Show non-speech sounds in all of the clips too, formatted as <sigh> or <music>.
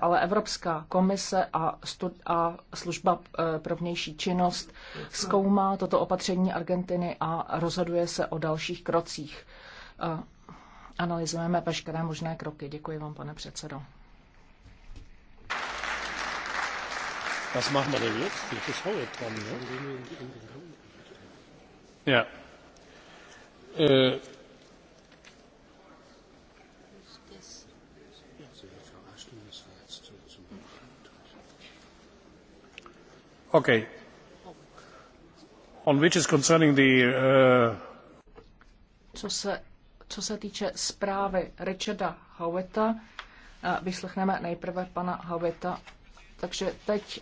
ale Evropská komise a, stud, a služba eh, pro vnější činnost zkoumá toto opatření Argentiny a rozhoduje se o dalších krocích. Eh, analyzujeme veškeré možné kroky. Děkuji vám, pane předsedo. Was machen wir denn jetzt? Das ist heute dran, ne? Ja. Äh, Uh, co, se, týče zprávy Richarda Howitta, eh, vyslechneme nejprve pana Howitta. Takže teď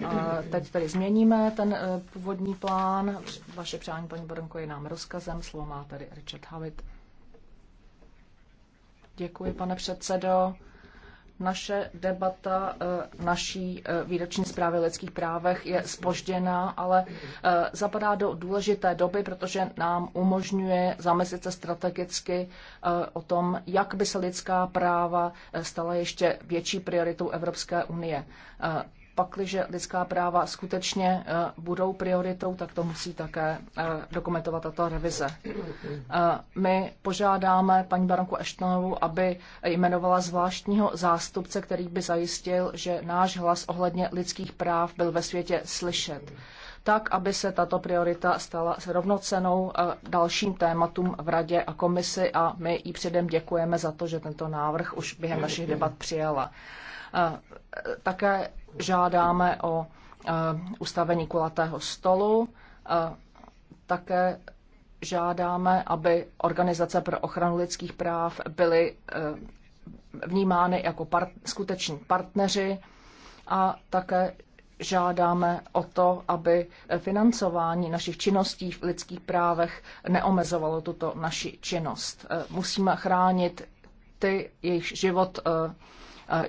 eh, Teď tady změníme ten eh, původní plán. Vaše přání, paní Baronko je nám rozkazem. Slovo má tady Richard Howitt. Děkuji, pane předsedo naše debata eh, naší eh, výroční zprávy o lidských právech je spožděná, ale eh, zapadá do důležité doby, protože nám umožňuje zamyslet se strategicky o tom, jak by se lidská práva stala ještě větší prioritou Evropské unie pakliže lidská práva skutečně eh, budou prioritou, tak to musí také eh, dokumentovat tato revize. Eh, my požádáme paní baronku Eštonovu, aby jmenovala zvláštního zástupce, který by zajistil, že náš hlas ohledně lidských práv byl ve světě slyšet tak, aby se tato priorita stala rovnocenou dalším tématům v Radě a komisi a my jí předem děkujeme za to, že tento návrh už během našich debat přijala. Také žádáme o eh, ustavení kulatého stolu. Eh, také žádáme, aby organizace pro ochranu lidských práv byly eh, vnímány jako part, skuteční partneři a také žádáme o to, aby financování našich činností v lidských právech neomezovalo tuto naši činnost. Musíme chránit ty, jejich život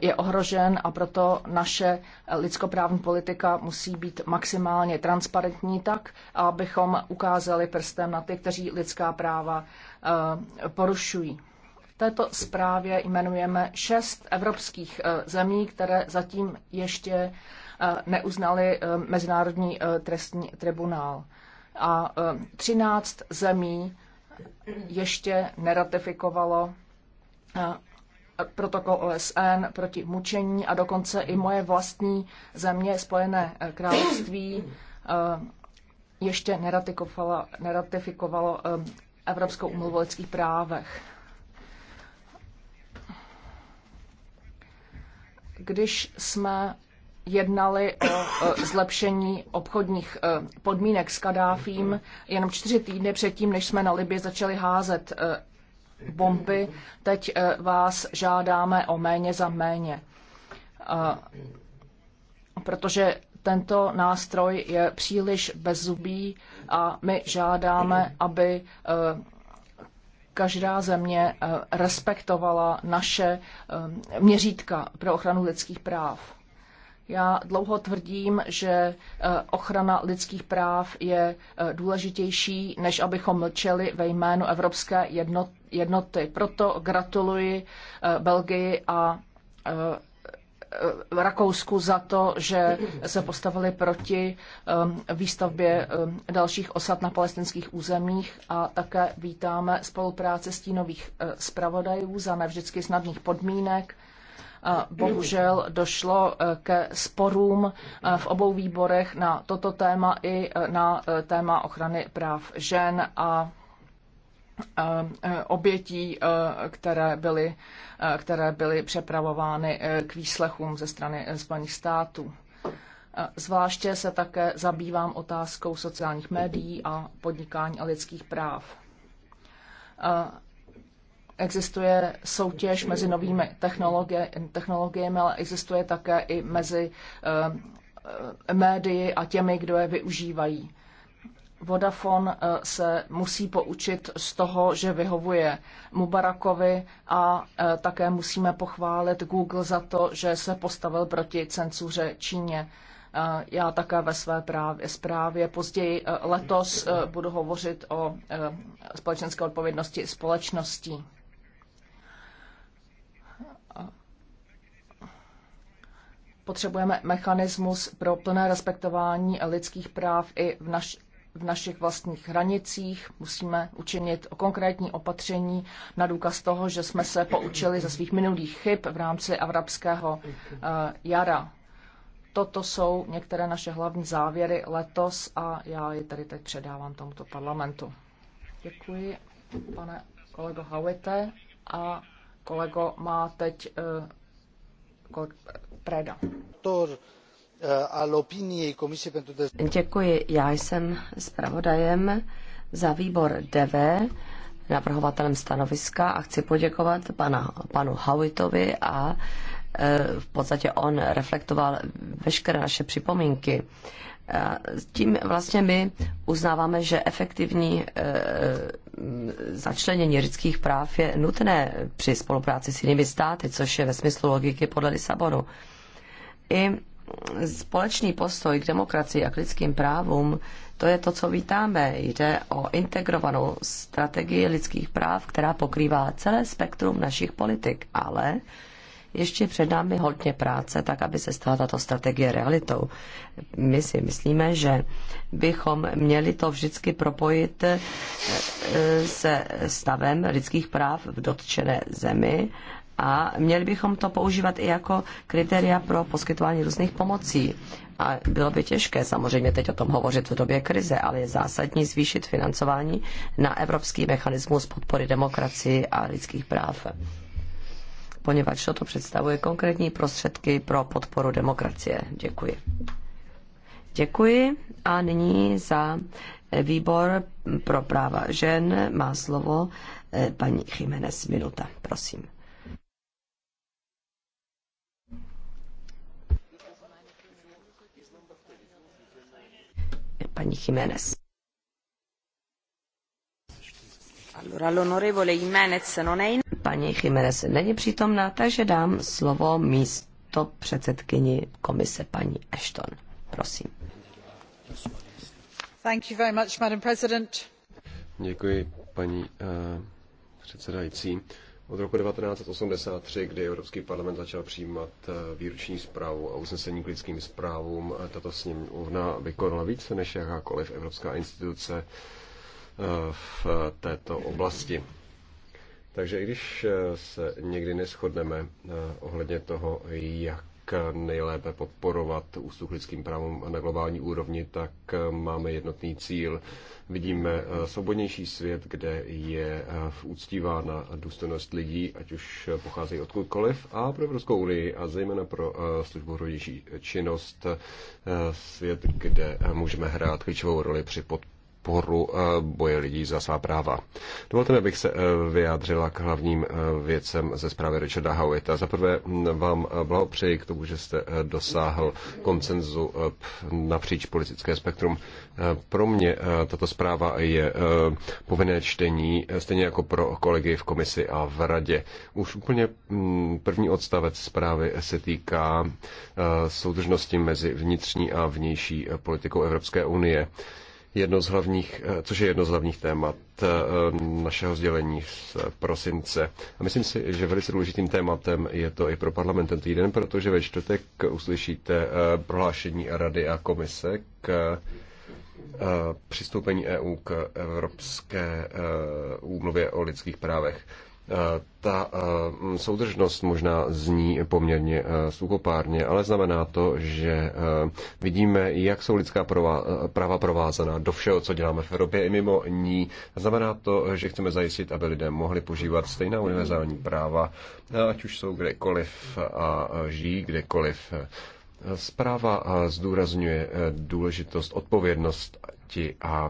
je ohrožen a proto naše lidskoprávní politika musí být maximálně transparentní tak, abychom ukázali prstem na ty, kteří lidská práva eh, porušují V této zprávě jmenujeme šest evropských eh, zemí, které zatím ještě eh, neuznali Mezinárodní trestní tribunál. A 13 zemí ještě neratifikovalo protokol OSN proti mučení a dokonce i moje vlastní země, Spojené království, eh, ještě neratifikovalo, neratifikovalo eh, Evropskou umluvu o lidských právech. Když jsme jednali o eh, zlepšení obchodních podmínek s Kadáfím jenom čtyři týdny předtím, než jsme na Libě začali házet bomby. Teď eh, vás žádáme o méně za méně. Eh, protože tento nástroj je příliš bezzubý a my žádáme, aby eh, každá země respektovala naše měřítka pro ochranu lidských práv. Já dlouho tvrdím, že eh, ochrana lidských práv je eh, důležitější, než abychom mlčeli ve jménu Evropské jednoty. Proto gratuluji eh, Belgii a Rakousku za to, že se postavili proti výstavbě dalších osad na palestinských územích a také vítáme spolupráce stínových zpravodajů za nevždycky snadných podmínek Eh, bohužel došlo eh, ke sporům eh, v obou výborech na toto téma i na téma ochrany práv žen a obětí, které byly, které byly přepravovány k výslechům ze strany Spojených států. Zvláště se také zabývám otázkou sociálních médií a podnikání a lidských práv Existuje soutěž mezi novými technologie, technologiemi, ale existuje také i mezi eh, médii a těmi, kdo je využívají. Vodafone eh, se musí poučit z toho, že vyhovuje Mubarakovi a eh, také musíme pochválit Google za to, že se postavil proti cenzuře Číně. Já také ve své právě, zprávě později letos budu hovořit o společenské odpovědnosti společností. Potřebujeme mechanismus pro plné respektování lidských práv i v, naš, v našich vlastních hranicích. Musíme učinit konkrétní opatření na důkaz toho, že jsme se poučili ze svých minulých chyb v rámci arabského eh, jara. Toto jsou některé naše hlavní závěry letos a já je tady teď předávám tomuto parlamentu. Děkuji, pane kolego Hawite. A kolego má teď eh, Preda. Eh, Děkuji. Já jsem zpravodajem za výbor DV, navrhovatelem stanoviska a chci poděkovat pana, panu Howitovi a eh, v podstatě on reflektoval veškeré naše připomínky. Eh, tím vlastně my uznáváme, že efektivní eh, začlenění lidských práv je nutné při spolupráci s jinými státy, což je ve smyslu logiky podle Lisabonu. I společný postoj k demokracii a k lidským právům, to je to, co vítáme. Jde o integrovanou strategii lidských práv, která pokrývá celé spektrum našich politik, ale ještě před námi hodně práce, tak aby se stala tato strategie realitou. My si myslíme, že bychom měli to vždycky propojit eh, se stavem lidských práv v dotčené zemi a měli bychom to používat i jako kritéria pro poskytování různých pomocí. A bylo by těžké samozřejmě teď o tom hovořit v době krize, ale je zásadní zvýšit financování na evropský mechanismus podpory demokracii a lidských práv poněvadž toto představuje konkrétní prostředky pro podporu demokracie. Děkuji. Děkuji a nyní za výbor pro práva žen má slovo eh, paní Jiménez Minuta. Prosím. Paní Jiménez. Allora, l'onorevole Jiménez non è in paní Chimeres není přítomná, takže dám slovo místo předsedkyni komise paní Ashton. Prosím. Thank you very much, Madam President. Děkuji, paní uh, předsedající. Od roku 1983, kdy Evropský parlament začal přijímat eh, výroční zprávu a usnesení k lidským zprávům, eh, tato sněmovna vykonala více než jakákoliv evropská instituce v této oblasti. Takže i když eh, se někdy neschodneme eh, ohledně toho, jak nejlépe podporovat ústup lidským právům na globální úrovni, tak eh, máme jednotný cíl. Vidíme svobodnější svět, kde je uctívána důstojnost lidí, ať už pocházejí odkudkoliv. A pro Evropskou unii a zejména pro službu rodičí činnost svět, kde můžeme hrát klíčovou roli při podporu podporu eh, boje lidí za svá práva. Dovolte mi, abych se eh, vyjádřila k hlavním eh, věcem ze zprávy Richarda Howita. Za prvé vám blahopřeji k tomu, že jste dosáhl koncenzu napříč politické spektrum. Pro mě tato zpráva je povinné čtení, stejně jako pro kolegy v komisi a v radě. Už úplně první odstavec zprávy se týká soudržnosti mezi vnitřní a vnější politikou Evropské unie jedno z hlavních, eh, což je jedno z hlavních témat eh, našeho sdělení z prosince. A myslím si, že velice důležitým tématem je to i pro parlament ten týden, protože ve čtvrtek uslyšíte eh, prohlášení Rady a komise k přistoupení EU k Evropské úmluvě o lidských právech. Eh, ta eh, soudržnost možná zní poměrně eh, sukopárně, ale znamená to, že vidíme, jak jsou lidská práva provázaná do všeho, co děláme v Evropě i mimo ní. Znamená to, že chceme zajistit, aby lidé mohli požívat stejná univerzální práva, ať už jsou kdekoliv a žijí kdekoliv. Zpráva zdůrazňuje důležitost odpovědnost a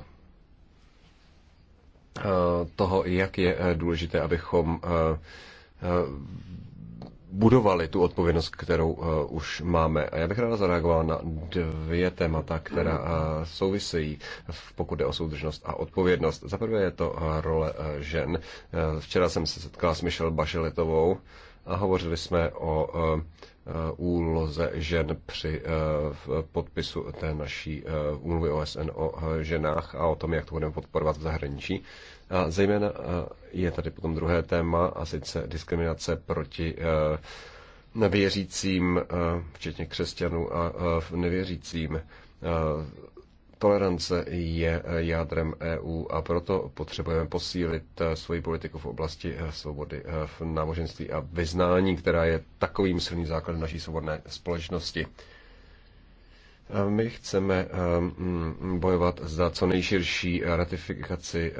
Eh, toho, jak je eh, důležité, abychom eh, budovali tu odpovědnost, kterou už máme. A já bych ráda zareagoval na dvě témata, která souvisejí, pokud jde o soudržnost a odpovědnost. Za prvé je to role žen. Včera jsem se setkala s Michelle Bašeletovou a hovořili jsme o Eh, úloze žen při eh, podpisu té naší eh, úmluvy OSN o ženách a o tom, jak to budeme podporovat v zahraničí. A zejména je tady potom druhé téma, a sice diskriminace proti nevěřícím, včetně křesťanů a nevěřícím Tolerance je eh, jádrem EU a proto potřebujeme posílit eh, svoji politiku v oblasti eh, svobody v náboženství a vyznání, která je takovým silným základem naší svobodné společnosti. My chceme bojovat za co nejširší ratifikaci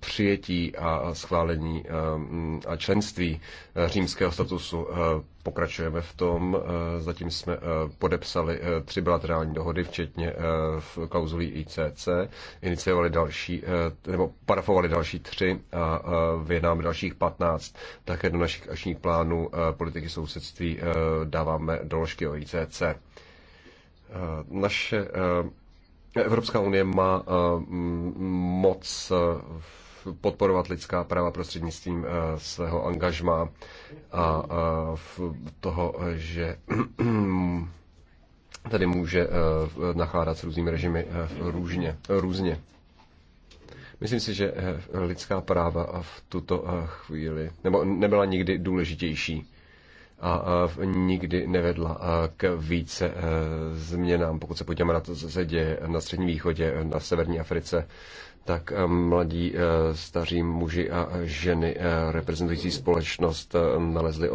přijetí a schválení eh, a členství eh, římského statusu. Eh, pokračujeme v tom, zatím jsme podepsali tři bilaterální dohody, včetně v klauzulí ICC, iniciovali další, nebo parafovali další tři a vyjednáme dalších 15. Také do našich akčních plánů politiky sousedství dáváme doložky o ICC. Naše Evropská unie má moc v podporovat lidská práva prostřednictvím eh, svého angažma a eh, toho, že <clears throat> tady může eh, nachládat s různými režimy růžně, různě. Myslím si, že lidská práva v tuto chvíli nebo nebyla nikdy důležitější a nikdy nevedla k více změnám. Pokud se podíváme na to, co se děje na Středním východě, na Severní Africe, tak eh, mladí eh, staří muži a ženy eh, reprezentující společnost nalezli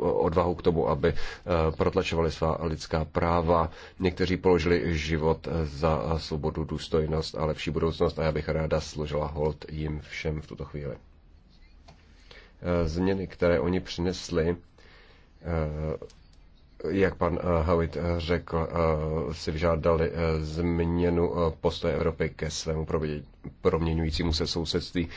odvahu k tomu, aby protlačovali svá lidská práva. Někteří položili život za svobodu, důstojnost a lepší budoucnost a já bych ráda složila hold jim všem v tuto chvíli. Změny, které oni přinesli, jak pan Howitt řekl, si vyžádali změnu postoje Evropy ke svému provedení proměňujícímu se sousedství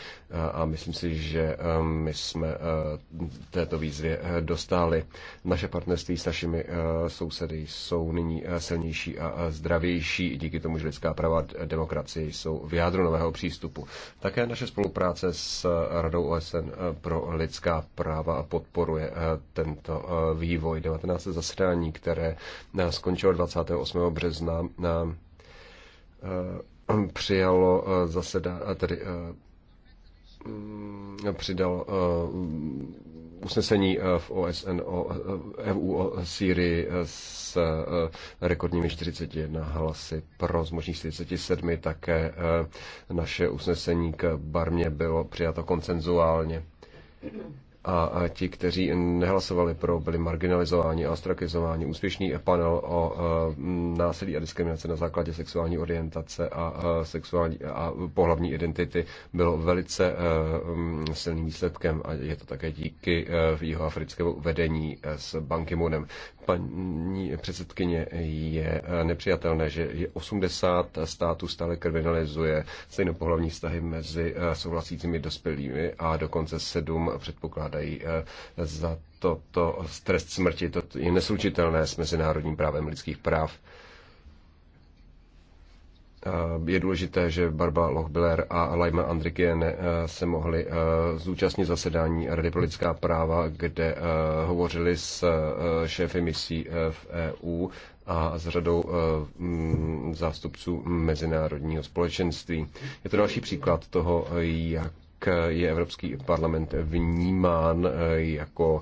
a myslím si, že um, my jsme uh, této výzvě uh, dostali. Naše partnerství s našimi uh, sousedy jsou nyní silnější a zdravější díky tomu, že lidská práva a demokracie jsou v jádru nového přístupu. Také naše spolupráce s Radou OSN pro lidská práva podporuje tento vývoj. 19 zasedání, které skončilo 28. března, na přijalo eh, zaseda, eh, tedy eh, mm, přidal usnesení v OSN o EU o Sýrii s rekordními 41 hlasy pro z možných 47. Také naše usnesení k Barmě bylo přijato koncenzuálně a ti, kteří nehlasovali pro, byli marginalizováni a ostrakizováni. Úspěšný panel o e, násilí a diskriminaci na základě sexuální orientace a, e, sexuální a pohlavní identity bylo velice e, silným výsledkem a je to také díky jihoafrickému vedení s Banky Ki-moonem. Paní předsedkyně, je nepřijatelné, že 80 států stále kriminalizuje stejnopohlavní vztahy mezi souhlasícími dospělými a dokonce sedm předpokládá pokládají eh, za toto to, trest smrti. To je neslučitelné s mezinárodním právem lidských práv. Eh, je důležité, že Barba Lochbiller a Laima Andrikien eh, se mohli zúčastnit zasedání Rady pro lidská práva, kde hovořili s šéfy misí v EU a s řadou zástupců mezinárodního společenství. Je to další příklad toho, jak je Evropský parlament vnímán eh, jako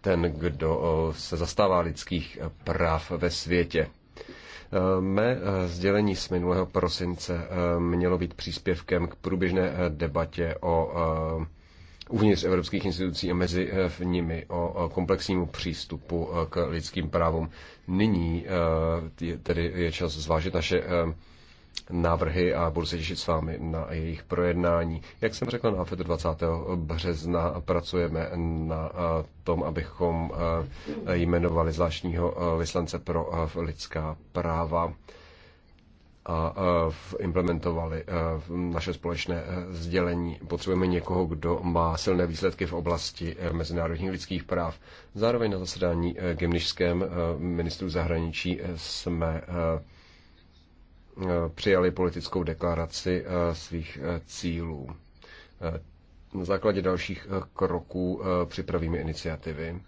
ten, kdo eh, se zastává lidských práv ve světě. Eh, mé sdělení z minulého prosince mělo být příspěvkem k průběžné debatě o uvnitř evropských institucí a mezi nimi o komplexnímu přístupu k lidským právům. Nyní tedy je čas zvážit naše návrhy a budu se těšit s vámi na jejich projednání. Jak jsem řekl, na FED 20. března pracujeme na eh, tom, abychom eh, jmenovali zvláštního eh, vyslance pro lidská práva a implementovali naše společné sdělení. Potřebujeme někoho, kdo má silné výsledky v oblasti mezinárodních lidských práv. Zároveň na zasedání gymnišském ministru zahraničí jsme Eh, přijali politickou deklaraci eh, svých eh, cílů. Na základě dalších kroků připravíme iniciativy.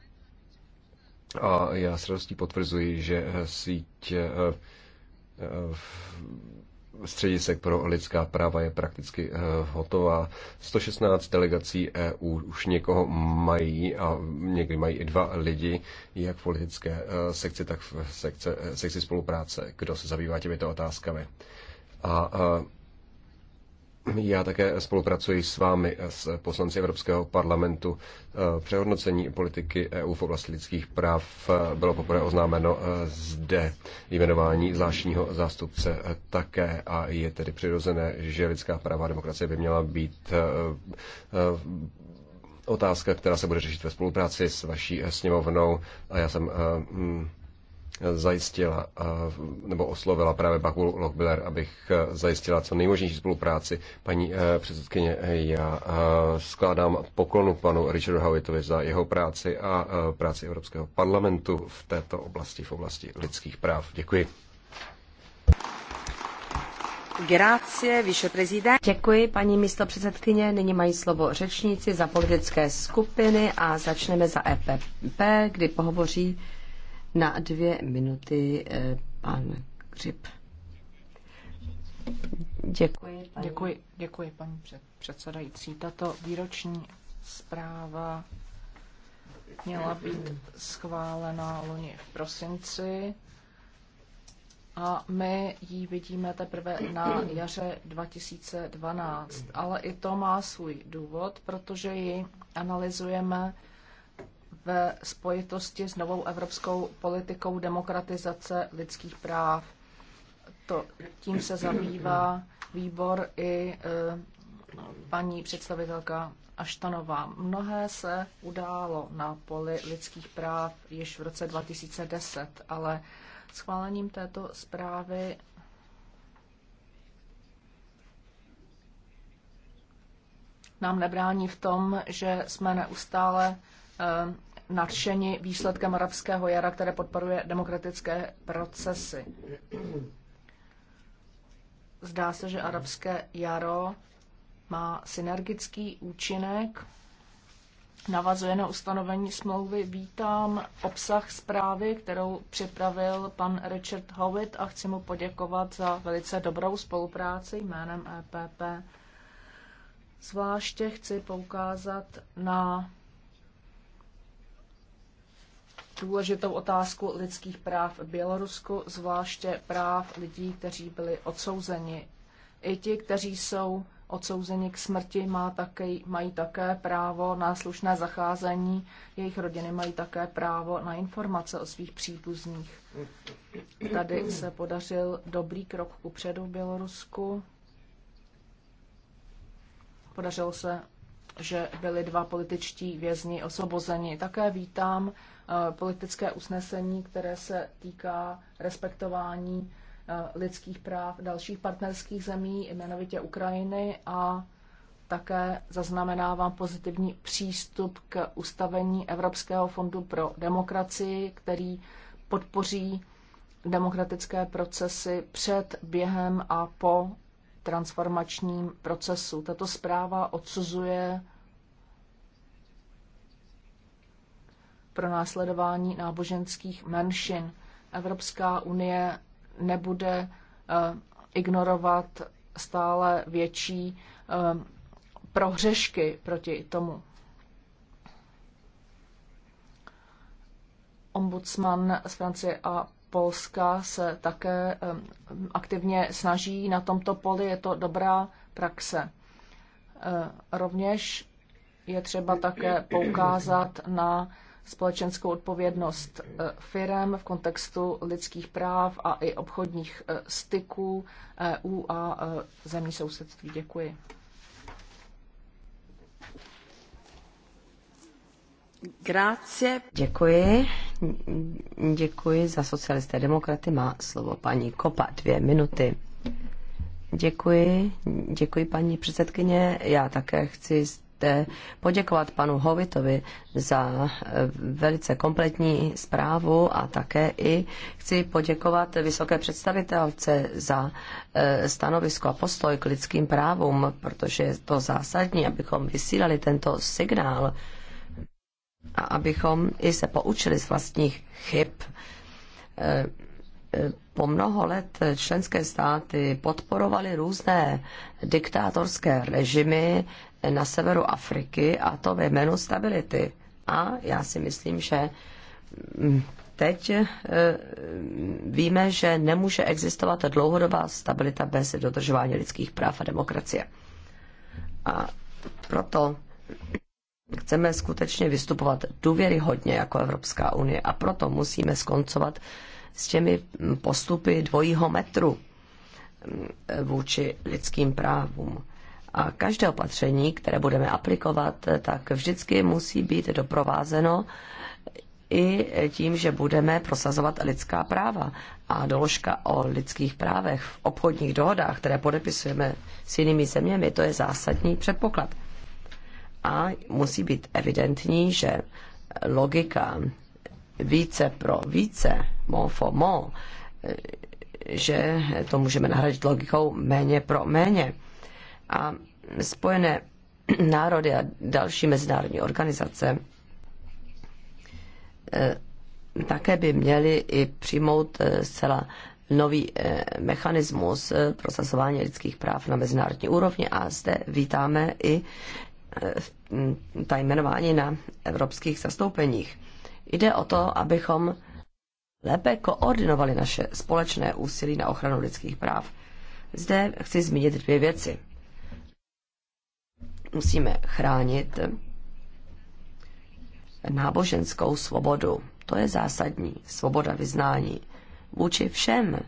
A já s radostí potvrzuji, že síť středisek pro lidská práva je prakticky eh, hotová. 116 delegací EU už někoho mají a někdy mají i dva lidi, jak v politické eh, sekci, tak v sekce, eh, sekci spolupráce, kdo se zabývá těmito otázkami. A, a já také spolupracuji s vámi, s poslanci Evropského parlamentu. Eh, přehodnocení politiky EU v oblasti lidských práv eh, bylo poprvé oznámeno eh, zde jmenování zvláštního zástupce také a je tedy přirozené, že lidská práva a demokracie by měla být otázka, která se bude řešit ve spolupráci s vaší sněmovnou a já jsem hm, zajistila, eh, nebo oslovila právě Bakul Lochbiller, abych eh, zajistila co nejmožnější spolupráci. Paní eh, předsedkyně, já skládám poklonu panu Richardu Howitovi za jeho práci a práci Evropského parlamentu v této oblasti, v oblasti lidských práv. Děkuji. Grazie, Děkuji, paní předsedkyně, Nyní mají slovo řečníci za politické skupiny a začneme za EPP, kdy pohovoří na dvě minuty eh, pan Křip. Děkuji, paní. Děkuji, děkuji, paní předsedající. Tato výroční zpráva měla být schválena loni v prosinci a my ji vidíme teprve na jaře 2012. Ale i to má svůj důvod, protože ji analyzujeme ve spojitosti s novou evropskou politikou demokratizace lidských práv. To, tím se zabývá výbor i e, paní představitelka Aštanová. Mnohé se událo na poli lidských práv již v roce 2010, ale schválením této zprávy nám nebrání v tom, že jsme neustále e, nadšeni výsledkem arabského jara, které podporuje demokratické procesy. Zdá se, že arabské jaro má synergický účinek, navazuje na ustanovení smlouvy. Vítám obsah zprávy, kterou připravil pan Richard Howitt a chci mu poděkovat za velice dobrou spolupráci jménem EPP. Zvláště chci poukázat na důležitou otázku lidských práv v Bělorusku, zvláště práv lidí, kteří byli odsouzeni. I ti, kteří jsou odsouzeni k smrti, má také, mají také právo na slušné zacházení, jejich rodiny mají také právo na informace o svých příbuzných. Tady se podařil dobrý krok kupředu v Bělorusku. Podařilo se že byli dva političtí vězni osobozeni. Také vítám Eh, politické usnesení, které se týká respektování eh, lidských práv dalších partnerských zemí, jmenovitě Ukrajiny a také zaznamenávám pozitivní přístup k ustavení Evropského fondu pro demokracii, který podpoří demokratické procesy před, během a po transformačním procesu. Tato zpráva odsuzuje pro následování náboženských menšin. Evropská unie nebude eh, ignorovat stále větší eh, prohřešky proti tomu. Ombudsman z Francie a Polska se také eh, aktivně snaží na tomto poli, je to dobrá praxe. Rovněž je třeba také poukázat na společenskou odpovědnost eh, firem v kontextu lidských práv a i obchodních eh, styků EU eh, a zemí sousedství. Děkuji. Grácie. Děkuji. Děkuji za socialisté demokraty. Má slovo paní Kopa. Dvě minuty. Děkuji, děkuji paní předsedkyně. Já také chci zde poděkovat panu Hovitovi za eh, velice kompletní zprávu a také i chci poděkovat vysoké představitelce za eh, stanovisko a postoj k lidským právům, protože je to zásadní, abychom vysílali tento signál a abychom i se poučili z vlastních chyb. Eh, po mnoho let členské státy podporovaly různé diktátorské režimy na severu Afriky a to ve jménu stability. A já si myslím, že mm, teď e, víme, že nemůže existovat dlouhodobá stabilita bez dodržování lidských práv a demokracie. A proto chceme skutečně vystupovat důvěryhodně jako Evropská unie a proto musíme skoncovat s těmi postupy dvojího metru mm, e, vůči lidským právům. A každé opatření, které budeme aplikovat, tak vždycky musí být doprovázeno i tím, že budeme prosazovat lidská práva. A doložka o lidských právech v obchodních dohodách, které podepisujeme s jinými zeměmi, to je zásadní předpoklad. A musí být evidentní, že logika více pro více, mo for more, že to můžeme nahradit logikou méně pro méně a spojené <clears throat> národy a další mezinárodní organizace eh, také by měly i přijmout eh, zcela nový eh, mechanismus prosazování lidských práv na mezinárodní úrovni a zde vítáme i ta jmenování na evropských zastoupeních. Jde o to, abychom lépe koordinovali naše společné úsilí na ochranu lidských práv. Zde chci zmínit dvě věci musíme chránit náboženskou svobodu. To je zásadní. Svoboda vyznání. Vůči všem.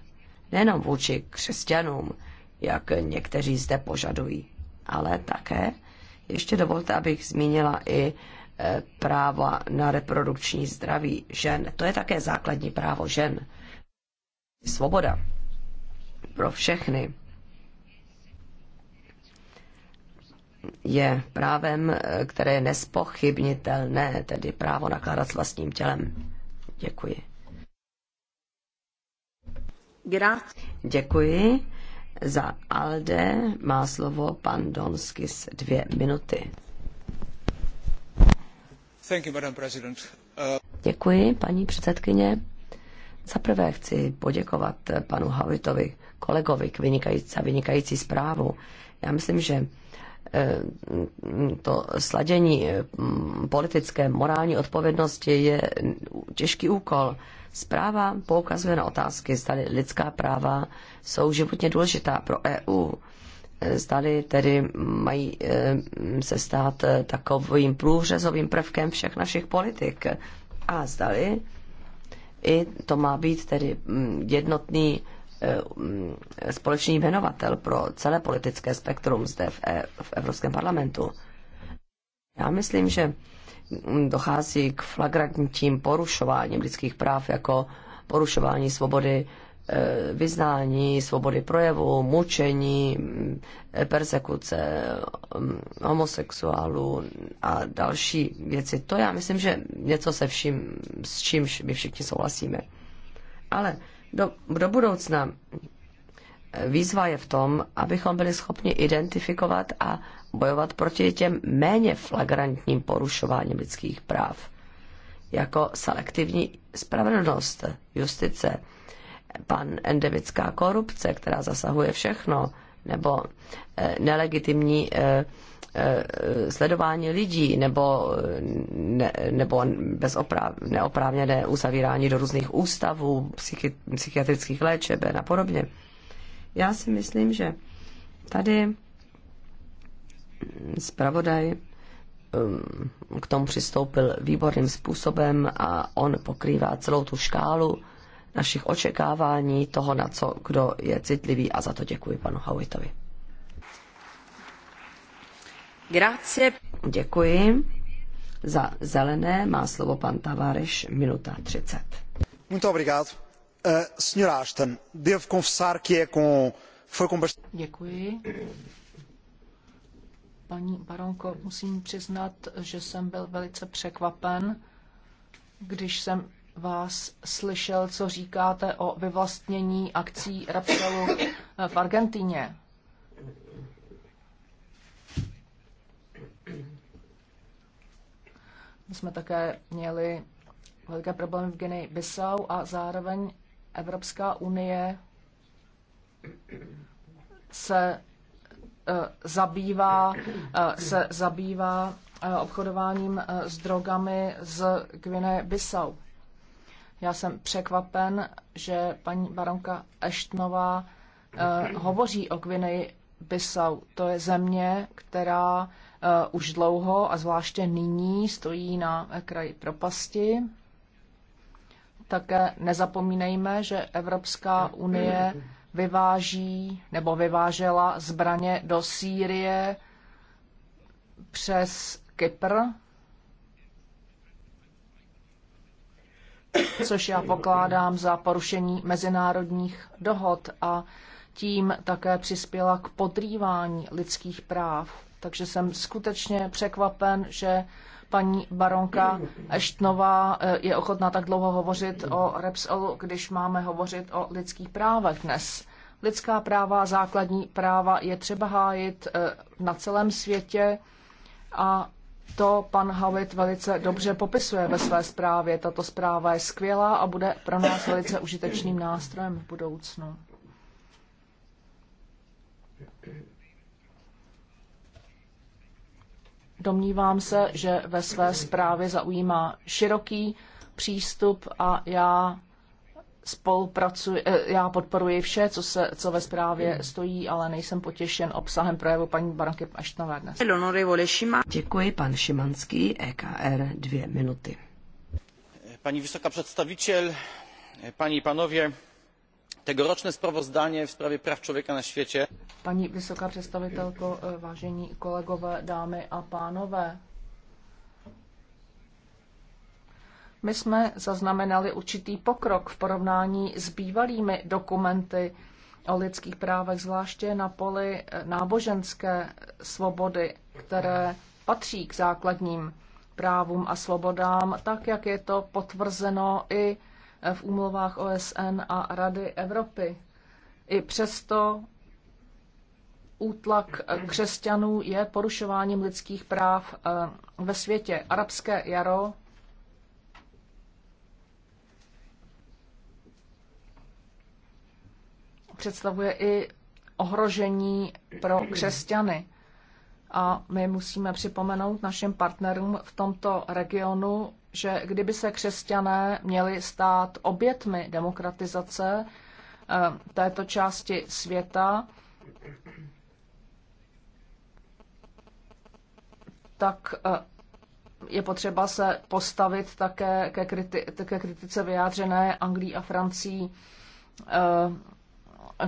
Nejenom vůči křesťanům, jak někteří zde požadují, ale také ještě dovolte, abych zmínila i e, práva na reprodukční zdraví žen. To je také základní právo žen. Svoboda pro všechny je právem, které je nespochybnitelné, tedy právo nakládat s vlastním tělem. Děkuji. Děkuji. Za ALDE má slovo pan z dvě minuty. Thank you, Madam President. Uh, Děkuji, paní předsedkyně. Za prvé chci poděkovat panu Havitovi, kolegovi, k vynikající, vynikající zprávu. Já myslím, že Eh, to sladění eh, politické, morální odpovědnosti je těžký úkol. Zpráva poukazuje na otázky, zdali lidská práva jsou životně důležitá pro EU, eh, zdali tedy mají se stát takovým průřezovým prvkem všech našich politik a zdali i to má být tedy mm, jednotný Eh, společný jmenovatel pro celé politické spektrum zde v, e, v Evropském parlamentu. Já myslím, že dochází k flagrantním porušováním lidských práv jako porušování svobody eh, vyznání, svobody projevu, mučení, mm, persekuce mm, homosexuálů a další věci. To já myslím, že něco se vším, s čím my všichni souhlasíme. Ale do, do budoucna. Výzva je v tom, abychom byli schopni identifikovat a bojovat proti těm méně flagrantním porušováním lidských práv, jako selektivní spravedlnost, justice, pan endemická korupce, která zasahuje všechno, nebo eh, nelegitimní eh, Eh, sledování lidí nebo, ne, nebo bez opráv, neoprávněné uzavírání do různých ústavů, psychi, psychiatrických léčeben a podobně. Já si myslím, že tady zpravodaj eh, k tomu přistoupil výborným způsobem a on pokrývá celou tu škálu našich očekávání, toho, na co kdo je citlivý a za to děkuji panu Hawitovi. Grazie. Děkuji. Za zelené má slovo pan Tavares, minuta 30. Muito obrigado. Uh, eh, senhora Ashton, devo confessar que é com... Foi com bastante... Děkuji. Paní baronko, musím přiznat, že jsem byl velice překvapen, když jsem vás slyšel, co říkáte o vyvlastnění akcí Repsolu v Argentině. My jsme také měli velké problémy v Guinea Bissau a zároveň Evropská unie se eh, zabývá, eh, se zabývá eh, obchodováním s drogami z Guinea Bissau. Já jsem překvapen, že paní baronka Eštnová hovoří o Guinea Bissau. To je země, která Eh, už dlouho a zvláště nyní stojí na kraji propasti. Také nezapomínejme, že Evropská unie vyváží nebo vyvážela zbraně do Sýrie přes Kypr, což já pokládám za porušení mezinárodních dohod a tím také přispěla k podrývání lidských práv takže jsem skutečně překvapen, že paní baronka Eštnová e, je ochotná tak dlouho hovořit o Repsolu, když máme hovořit o lidských právech dnes. Lidská práva, základní práva je třeba hájit e, na celém světě a to pan Havit velice dobře popisuje ve své zprávě. Tato zpráva je skvělá a bude pro nás velice užitečným nástrojem v budoucnu. Domnívám se, že ve své zprávě zaujímá široký přístup a já spolupracuji, eh, já podporuji vše, co, se, co ve zprávě stojí, ale nejsem potěšen obsahem projevu paní Baranky Paštnové dnes. Děkuji, pan Šimanský, EKR, dvě minuty. Paní vysoká představitel, paní i tegoroczne sprawozdanie w sprawie praw człowieka na świecie. Pani vysoká představitelko, eh, vážení kolegové, dámy a pánové, my jsme zaznamenali určitý pokrok v porovnání s bývalými dokumenty o lidských právech, zvláště na poli eh, náboženské svobody, které patří k základním právům a svobodám, tak jak je to potvrzeno i v úmluvách OSN a Rady Evropy. I přesto útlak křesťanů je porušováním lidských práv eh, ve světě. Arabské jaro představuje i ohrožení pro křesťany. A my musíme připomenout našim partnerům v tomto regionu, že kdyby se křesťané měli stát obětmi demokratizace eh, této části světa, tak eh, je potřeba se postavit také ke, kriti- ke kritice vyjádřené Anglií a Francii eh,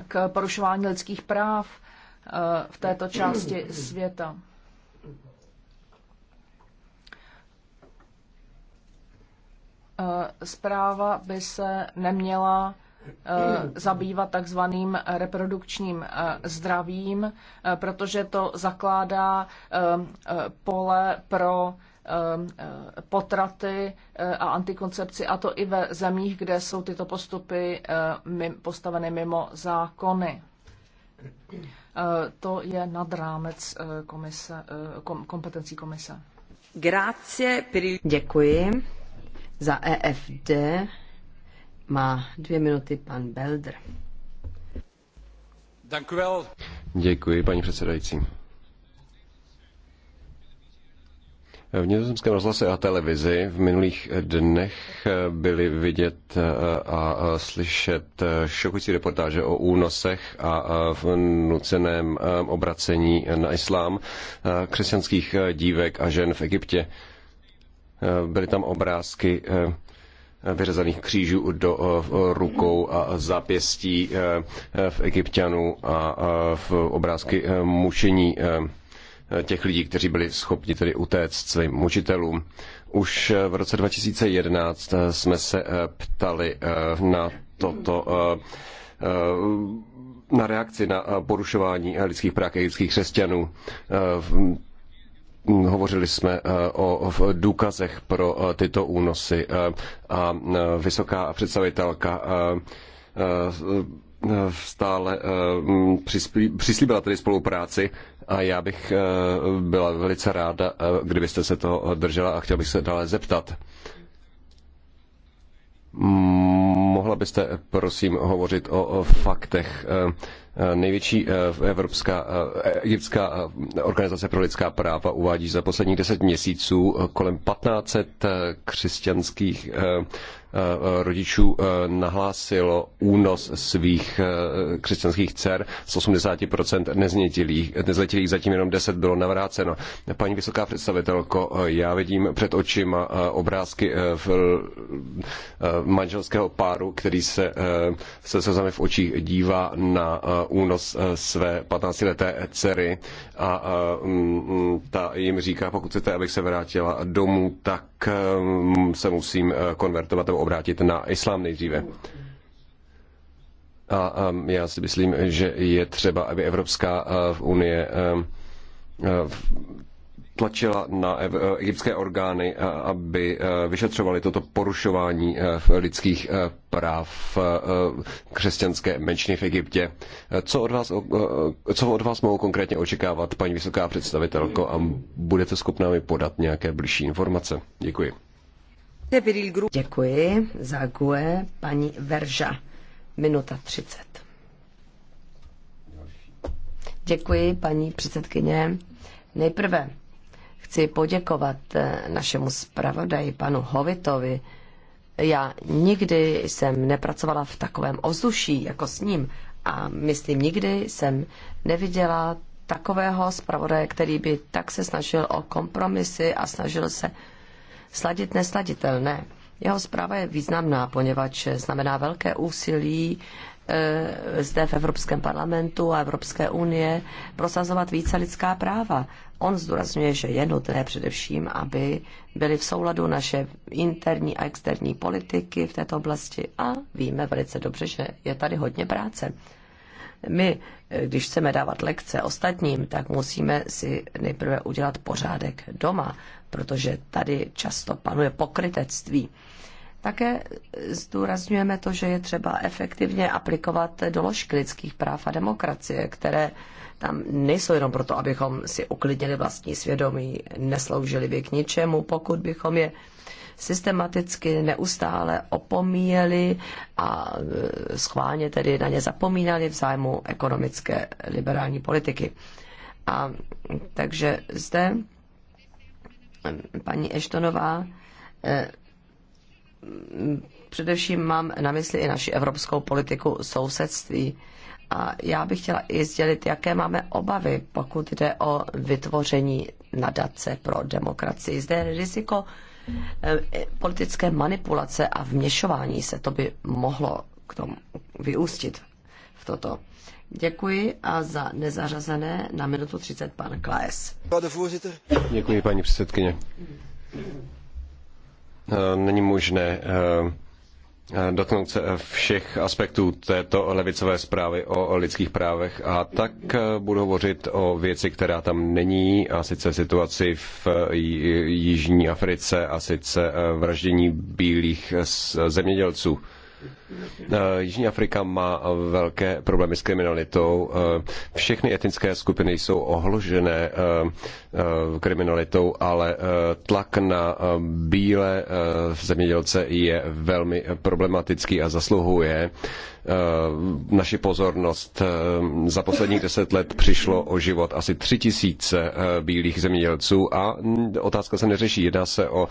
k porušování lidských práv v této části světa. Eh, zpráva by se neměla eh, zabývat takzvaným reprodukčním eh, zdravím, protože to zakládá pole pro potraty a antikoncepci, a to i ve zemích, kde jsou tyto postupy postaveny mimo zákony. To je nad rámec komise, kompetencí komise. Grazie per... Děkuji za EFD má dvě minuty pan Belder. Děkuji, paní předsedající. V nizozemském rozhlase a televizi v minulých dnech byly vidět a slyšet šokující reportáže o únosech a v nuceném obracení na islám křesťanských dívek a žen v Egyptě. Eh, byly tam obrázky eh, vyřezaných křížů do eh, rukou a zápěstí v Egyptianů a v obrázky mučení těch lidí, kteří byli schopni tedy utéct svým mučitelům. Už v roce 2011 jsme se ptali na toto na reakci na porušování lidských práv egyptských křesťanů. Hovořili jsme eh, o důkazech pro eh, tyto únosy eh, a vysoká představitelka stále přislíbila tedy spolupráci a já bych byla velice ráda, kdybyste se toho držela a chtěl bych se dále zeptat. Mohla byste prosím hovořit o faktech Eh, největší eh, evropská, eh, e- egyptská organizace pro lidská práva uvádí, za posledních deset měsíců kolem 1500 křesťanských rodičů nahlásilo únos svých křesťanských dcer. Z 80% nezletilých, nezletilých zatím jenom 10 bylo navráceno. Paní vysoká představitelko, já vidím před očima obrázky v manželského páru, který se se slzami v očích dívá na únos eh, své 15-leté dcery a eh, mm, mm, ta jim říká, pokud chcete, abych se vrátila domů, tak eh, se musím konvertovat nebo obrátit na islám nejdříve. A já si myslím, že je třeba, aby Evropská unie tlačila na eh, egyptské orgány, eh, aby eh, vyšetřovali toto porušování lidských práv křesťanské menšiny v Egyptě. Co od vás, co od vás mohou konkrétně očekávat, paní vysoká představitelko, a budete schopná mi podat nějaké blížší informace? Děkuji. Děkuji. Za GUE paní Verža. Minuta 30. Děkuji, paní předsedkyně. Nejprve Chci poděkovat eh, našemu zpravodaji, panu Hovitovi. Já nikdy jsem nepracovala v takovém ozduší jako s ním a myslím, nikdy jsem neviděla takového zpravodaje, který by tak se snažil o kompromisy a snažil se sladit nesladitelné. Jeho zpráva je významná, poněvadž znamená velké úsilí eh, zde v Evropském parlamentu a Evropské unie prosazovat více lidská práva. On zdůrazňuje, že je nutné především, aby byly v souladu naše interní a externí politiky v této oblasti a víme velice dobře, že je tady hodně práce. My, když chceme dávat lekce ostatním, tak musíme si nejprve udělat pořádek doma, protože tady často panuje pokrytectví. Také zdůrazňujeme to, že je třeba efektivně aplikovat doložky lidských práv a demokracie, které tam nejsou jenom proto, abychom si uklidnili vlastní svědomí, nesloužili by k ničemu, pokud bychom je systematicky neustále opomíjeli a e, schválně tedy na ně zapomínali v zájmu ekonomické liberální politiky. A takže zde e, paní Eštonová e, především mám na mysli i naši evropskou politiku sousedství. A já bych chtěla i sdělit, jaké máme obavy, pokud jde o vytvoření nadace pro demokracii. Zde je riziko eh, politické manipulace a vměšování se. To by mohlo k tomu vyústit v toto. Děkuji a za nezařazené na minutu 30 pan Klaes. Děkuji, paní předsedkyně. Eh, není možné eh, Eh, dotknout se eh, všech aspektů této levicové zprávy o lidských právech a tak eh, budu hovořit o věci, která tam není a sice situaci v Jižní Africe a sice vraždění bílých zemědělců. Eh, Jižní Afrika má velké problémy s kriminalitou. Eh, všechny etnické skupiny jsou ohložené eh, kriminalitou, ale tlak na bílé zemědělce je velmi problematický a zasluhuje naši pozornost. Za posledních deset let přišlo o život asi tři tisíce bílých zemědělců a otázka se neřeší. Jedná se o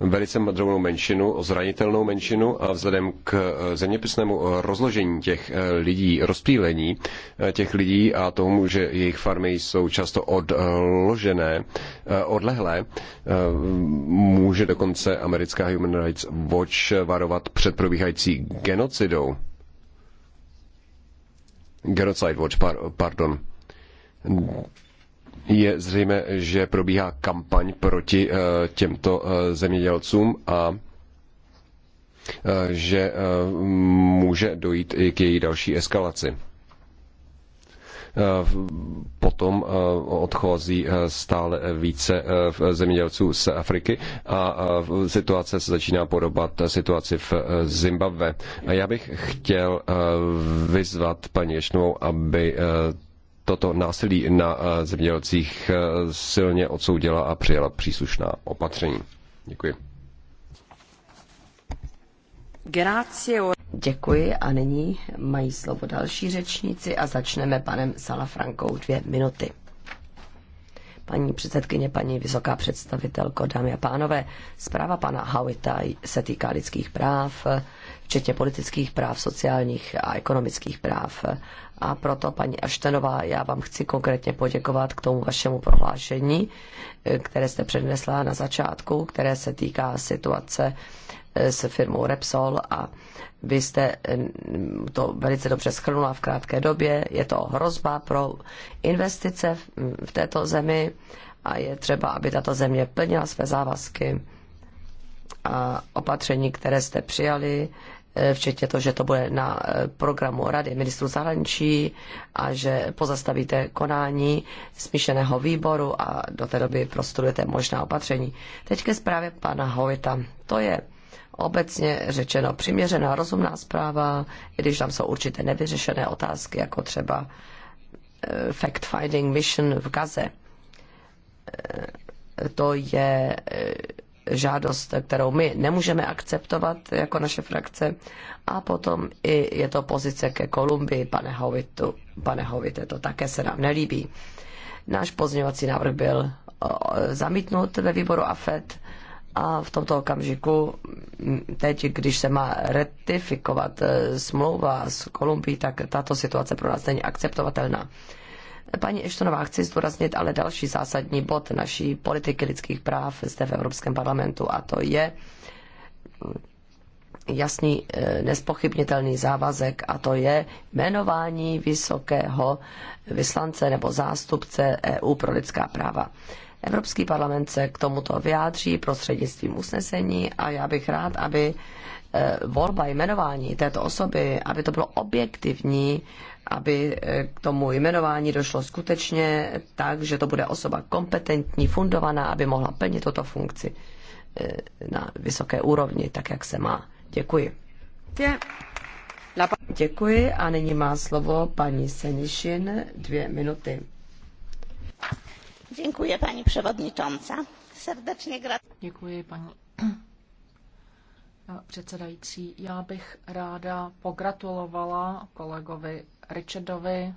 velice madrovou menšinu, o zranitelnou menšinu vzhledem k eh, zeměpisnému eh, rozložení těch eh, lidí, rozpílení těch lidí a tomu, že jejich farmy jsou často odložené, odlehlé, může dokonce americká Human Rights Watch varovat před probíhající genocidou. Genocide Watch, par, pardon. Je zřejmé, že probíhá kampaň proti těmto zemědělcům a Eh, že eh, může dojít i k její další eskalaci. Eh, potom odchází stále více zemědělců z Afriky a situace se začíná podobat situaci v Zimbabve. Já bych chtěl vyzvat paní Ješnovou, aby toto násilí na zemědělcích silně odsoudila a přijala příslušná opatření. Děkuji. Děkuji a nyní mají slovo další řečníci a začneme panem Salafrankou dvě minuty. Paní předsedkyně, paní vysoká představitelko, dámy a pánové, zpráva pana Hawita se týká lidských práv, včetně politických práv, sociálních a ekonomických práv. A proto, paní Aštenová, já vám chci konkrétně poděkovat k tomu vašemu prohlášení, které jste přednesla na začátku, které se týká situace s firmou Repsol a vy jste to velice dobře schrnula v krátké době. Je to hrozba pro investice v této zemi a je třeba, aby tato země plnila své závazky a opatření, které jste přijali, e, včetně to, že to bude na e, programu Rady ministrů zahraničí a že pozastavíte konání smíšeného výboru a do té doby prostudujete možná opatření. Teď ke zprávě pana Hojta. To je obecně řečeno přiměřená rozumná zpráva, i když tam jsou určité nevyřešené otázky, jako třeba e, fact-finding mission v Gaze. E, to je e, žádost, kterou my nemůžeme akceptovat jako naše frakce. A potom i je to pozice ke Kolumbii, pane Hovitu. Pane Hovite, to také se nám nelíbí. Náš pozměňovací návrh byl zamítnut ve výboru AFET a v tomto okamžiku, teď, když se má ratifikovat e, smlouva s Kolumbií, tak tato situace pro nás není akceptovatelná. Paní Eštonová, chci zdůraznit ale další zásadní bod naší politiky lidských práv zde v Evropském parlamentu a to je jasný, e, nespochybnitelný závazek a to je jmenování vysokého vyslance nebo zástupce EU pro lidská práva. Evropský parlament se k tomuto vyjádří prostřednictvím usnesení a já bych rád, aby eh, volba jmenování této osoby, aby to bylo objektivní, aby eh, k tomu jmenování došlo skutečně tak, že to bude osoba kompetentní, fundovaná, aby mohla plnit tuto funkci eh, na vysoké úrovni, tak jak se má. Děkuji. Děkuji a nyní má slovo paní Senišin dvě minuty. Děkuji, pani předsedající. <clears throat> předsedající. Já bych ráda pogratulovala kolegovi Richardovi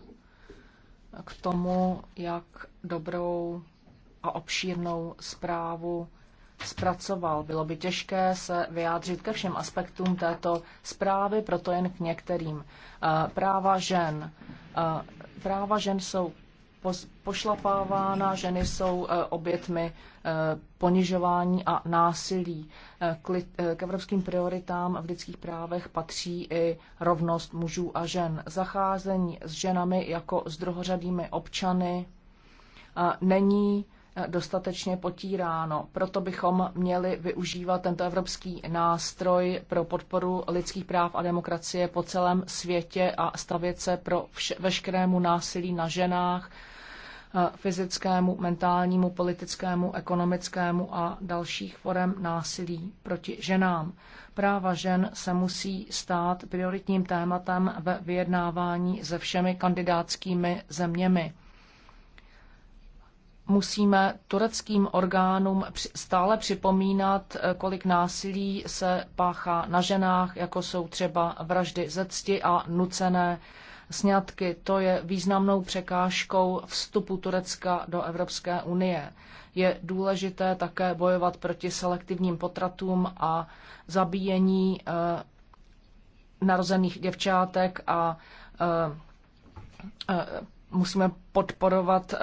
k tomu, jak dobrou a obšírnou zprávu zpracoval. Bylo by těžké se vyjádřit ke všem aspektům této zprávy, proto jen k některým. Eh, práva žen. Eh, práva žen jsou pošlapávána, ženy jsou eh, obětmi eh, ponižování a násilí. Eh, k evropským prioritám v lidských právech patří i rovnost mužů a žen. Zacházení s ženami jako s druhořadými občany není dostatečně potíráno. Proto bychom měli využívat tento evropský nástroj pro podporu lidských práv a demokracie po celém světě a stavět se pro veškerému násilí na ženách, Eh, fyzickému, mentálnímu, politickému, ekonomickému a dalších forem násilí proti ženám. Práva žen se musí stát prioritním tématem ve vyjednávání se všemi kandidátskými zeměmi musíme tureckým orgánům stále připomínat, eh, kolik násilí se páchá na ženách, jako jsou třeba vraždy ze cti a nucené sňatky. To je významnou překážkou vstupu Turecka do Evropské unie. Je důležité také bojovat proti selektivním potratům a zabíjení eh, narozených děvčátek a eh, eh, musíme podporovat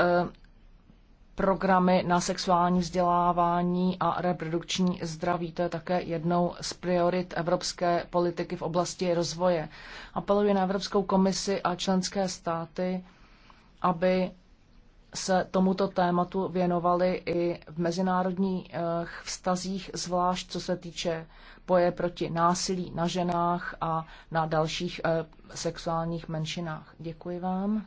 programy na sexuální vzdělávání a reprodukční zdraví. To je také jednou z priorit evropské politiky v oblasti rozvoje. Apeluji na Evropskou komisi a členské státy, aby se tomuto tématu věnovali i v mezinárodních eh, vztazích, zvlášť co se týče boje proti násilí na ženách a na dalších eh, sexuálních menšinách. Děkuji vám.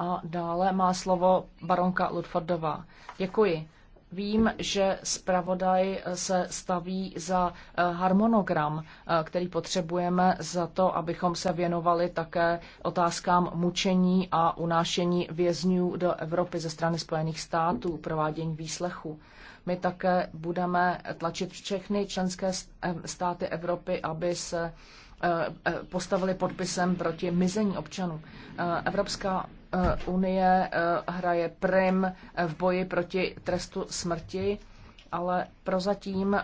A dále má slovo baronka Ludfordová. Děkuji. Vím, že zpravodaj se staví za eh, harmonogram, eh, který potřebujeme za to, abychom se věnovali také otázkám mučení a unášení vězňů do Evropy ze strany Spojených států, provádění výslechu. My také budeme tlačit všechny členské eh, státy Evropy, aby se Eh, eh, postavili podpisem proti mizení občanů. Eh, Evropská unie hraje prim v boji proti trestu smrti, ale prozatím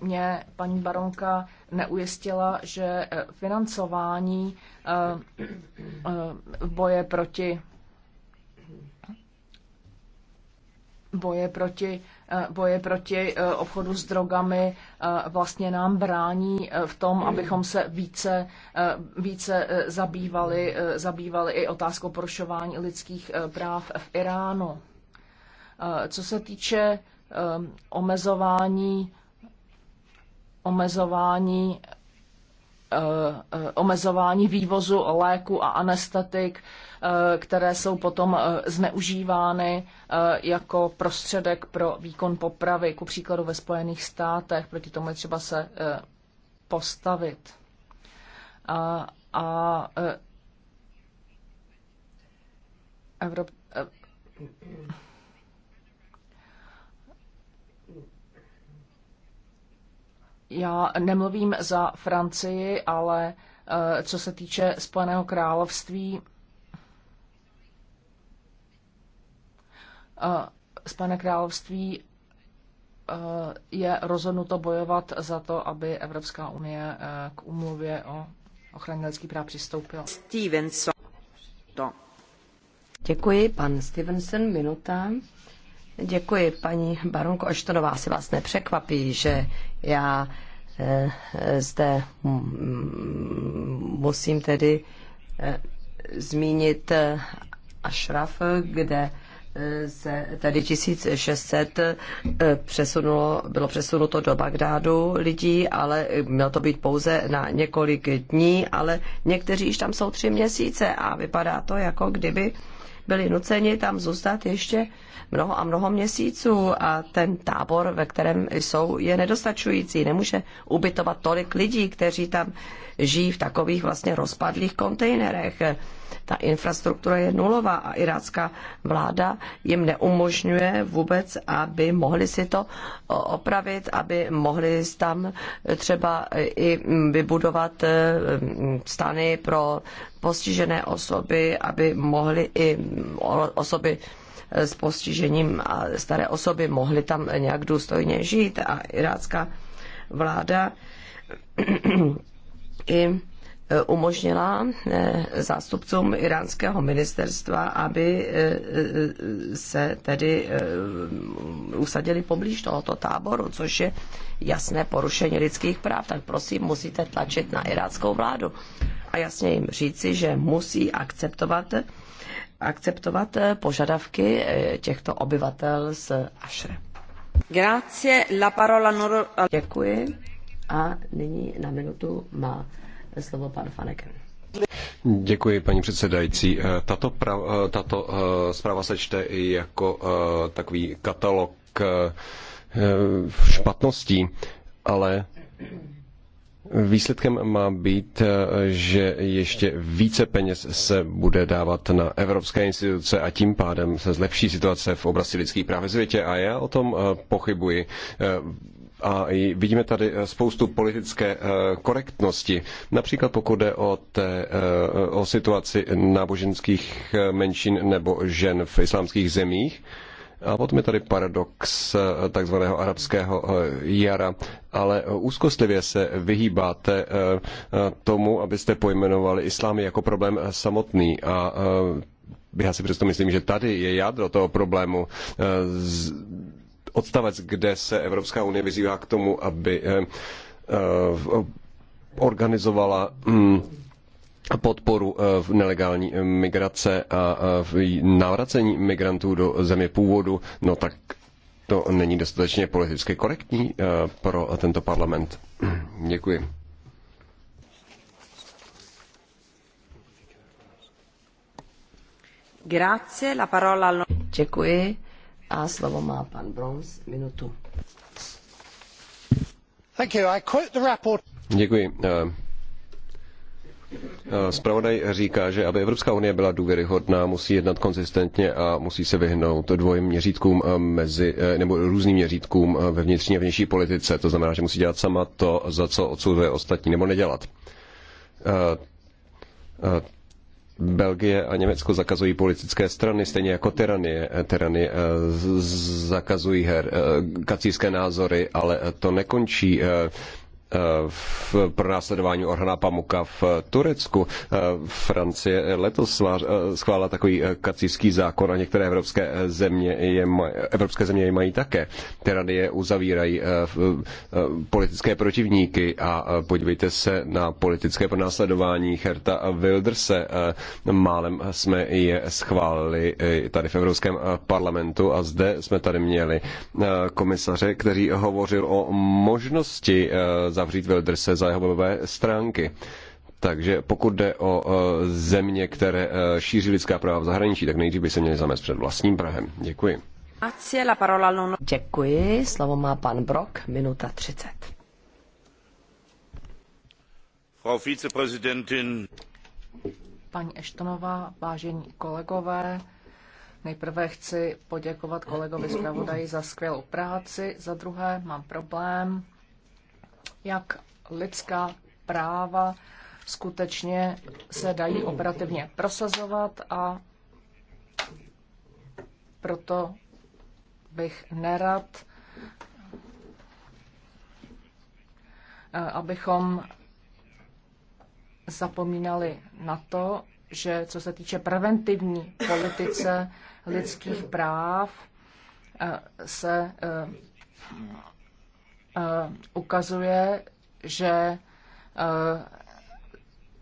mě paní baronka neujistila, že financování boje proti boje proti Eh, boje proti eh, obchodu s drogami eh, vlastně nám brání v tom, abychom se více, více zabývali, zabývali i otázkou porušování lidských práv v Iránu. Co se týče omezování, omezování omezování vývozu léku a anestetik. Eh, které jsou potom eh, zneužívány eh, jako prostředek pro výkon popravy, ku příkladu ve Spojených státech. Proti tomu je třeba se postavit. A, a Evrop... Já nemluvím za Francii, ale co se týče Spojeného království, Eh, z Pane království eh, je rozhodnuto bojovat za to, aby Evropská unie eh, k umluvě o ochraně lidských práv přistoupila. Stevenson. To. Děkuji, pan Stevenson, minuta. Děkuji, paní baronko Oštonová. Asi vás nepřekvapí, že já zde mm, musím tedy zmínit Ashraf, kde se tedy 1600 eh, přesunulo, bylo přesunuto do Bagdádu lidí, ale mělo to být pouze na několik dní, ale někteří již tam jsou tři měsíce a vypadá to, jako kdyby byli nuceni tam zůstat ještě mnoho a mnoho měsíců a ten tábor, ve kterém jsou, je nedostačující. Nemůže ubytovat tolik lidí, kteří tam žijí v takových vlastně rozpadlých kontejnerech. Ta infrastruktura je nulová a irácká vláda jim neumožňuje vůbec, aby mohli si to opravit, aby mohli tam třeba i vybudovat e, stany pro postižené osoby, aby mohli i osoby s postižením a staré osoby mohly tam nějak důstojně žít a irácká vláda i umožnila eh, zástupcům iránského ministerstva, aby eh, se tedy eh, usadili poblíž tohoto táboru, což je jasné porušení lidských práv. Tak prosím, musíte tlačit na iráckou vládu a jasně jim říci, že musí akceptovat akceptovat eh, požadavky eh, těchto obyvatel z Ašre. Grazie, la parola noro... Děkuji. A nyní na minutu má slovo pan Faneken. Děkuji, paní předsedající. Eh, tato, prav, tato zpráva se čte i jako takový katalog špatností, ale Výsledkem má být, eh, že ještě více peněz se bude dávat na evropské instituce a tím pádem se zlepší situace v oblasti lidských práv ve světě a já o tom eh, pochybuji. Eh, a vidíme tady spoustu politické korektnosti. Například pokud jde o, té, o situaci náboženských menšin nebo žen v islámských zemích, a potom je tady paradox eh, takzvaného arabského eh, jara, ale eh, úzkostlivě se vyhýbáte tomu, abyste pojmenovali islám jako problém samotný a já si přesto myslím, že tady je jádro toho problému. Odstavec, kde se Evropská unie vyzývá k tomu, aby organizovala hm, podporu eh, v nelegální eh, migrace a eh, v navracení migrantů do země původu, no tak to není dostatečně politicky korektní pro tento parlament. <clears throat> Děkuji. Grazie, la parola no- Děkuji a slovo má pan Brons, minutu. Thank you. I quote the Děkuji. Uh, Spravodaj eh, říká, že aby Evropská unie byla důvěryhodná, musí jednat konzistentně a musí se vyhnout dvojím měřítkům eh, mezi, eh, nebo různým měřítkům ve vnitřní a vnější politice. To znamená, že musí dělat sama to, za co odsuzuje ostatní, nebo nedělat. Belgie a Německo zakazují politické strany, stejně jako tyranie. Tyrany zakazují her, kacířské názory, ale to nekončí v pronásledování Orhana Pamuka v Turecku. Eh, Francie letos eh, schválila takový eh, kacířský zákon a některé evropské země, je, evropské země je mají také. Tyranie uzavírají politické protivníky a podívejte se na politické pronásledování Herta Wilderse. Málem jsme je schválili tady v Evropském parlamentu a zde jsme tady měli komisaře, který hovořil o možnosti zavřít Wildrse za jeho webové stránky. Takže pokud jde o země, které e, šíří lidská práva v zahraničí, tak nejdřív by se měli zamést před vlastním Prahem. Děkuji. Děkuji. Slovo má pan Brok, minuta 30. Frau viceprezidentin, Paní Eštonová, vážení kolegové, nejprve chci poděkovat kolegovi zpravodaji za skvělou práci, za druhé mám problém jak lidská práva skutečně se dají operativně prosazovat a proto bych nerad, eh, abychom zapomínali na to, že co se týče preventivní politice lidských práv, eh, se eh, Eh, ukazuje, že eh,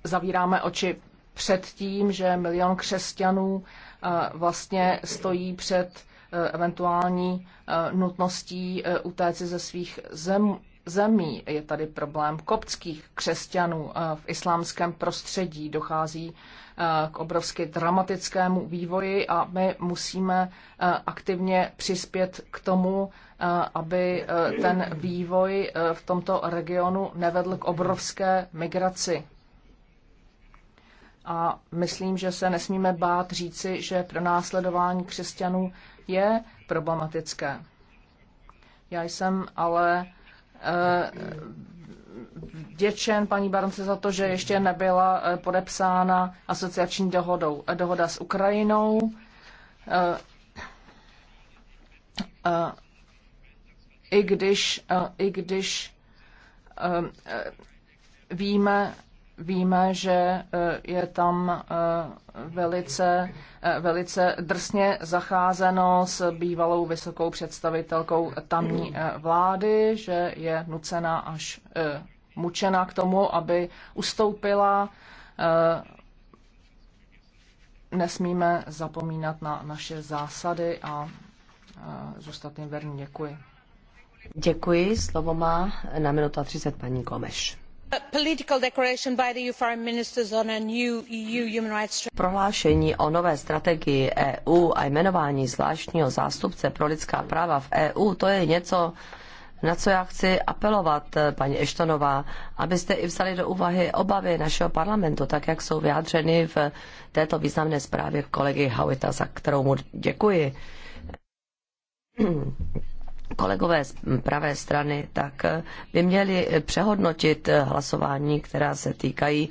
zavíráme oči před tím, že milion křesťanů eh, vlastně stojí před eventuální nutností utéci ze svých zem, zemí. Je tady problém koptských křesťanů v islámském prostředí. Dochází k obrovsky dramatickému vývoji a my musíme eh, aktivně přispět k tomu, eh, aby eh, ten vývoj v tomto regionu nevedl k obrovské migraci. A myslím, že se nesmíme bát říci, že pro následování křesťanů je problematické. Já jsem ale vděčen paní Baronce za to, že ještě nebyla eh, podepsána asociační dohodou, eh, dohoda s Ukrajinou. Eh, I když, i když víme, Víme, že eh, je tam eh, velice, eh, velice drsně zacházeno s bývalou vysokou představitelkou tamní vlády, že je nucena až mučena k tomu, aby ustoupila. Nesmíme zapomínat na naše zásady a zůstat jim věrní. Děkuji. Děkuji. Slovo má na minutu a 30 paní Gomeš. Prohlášení o nové strategii EU a jmenování zvláštního zástupce pro lidská práva v EU, to je něco, na co já chci apelovat, paní Eštonová, abyste i vzali do úvahy obavy našeho parlamentu, tak jak jsou vyjádřeny v této významné zprávě kolegy Hawita, za kterou mu děkuji kolegové z pravé strany, tak eh, by měli přehodnotit eh, hlasování, která se týkají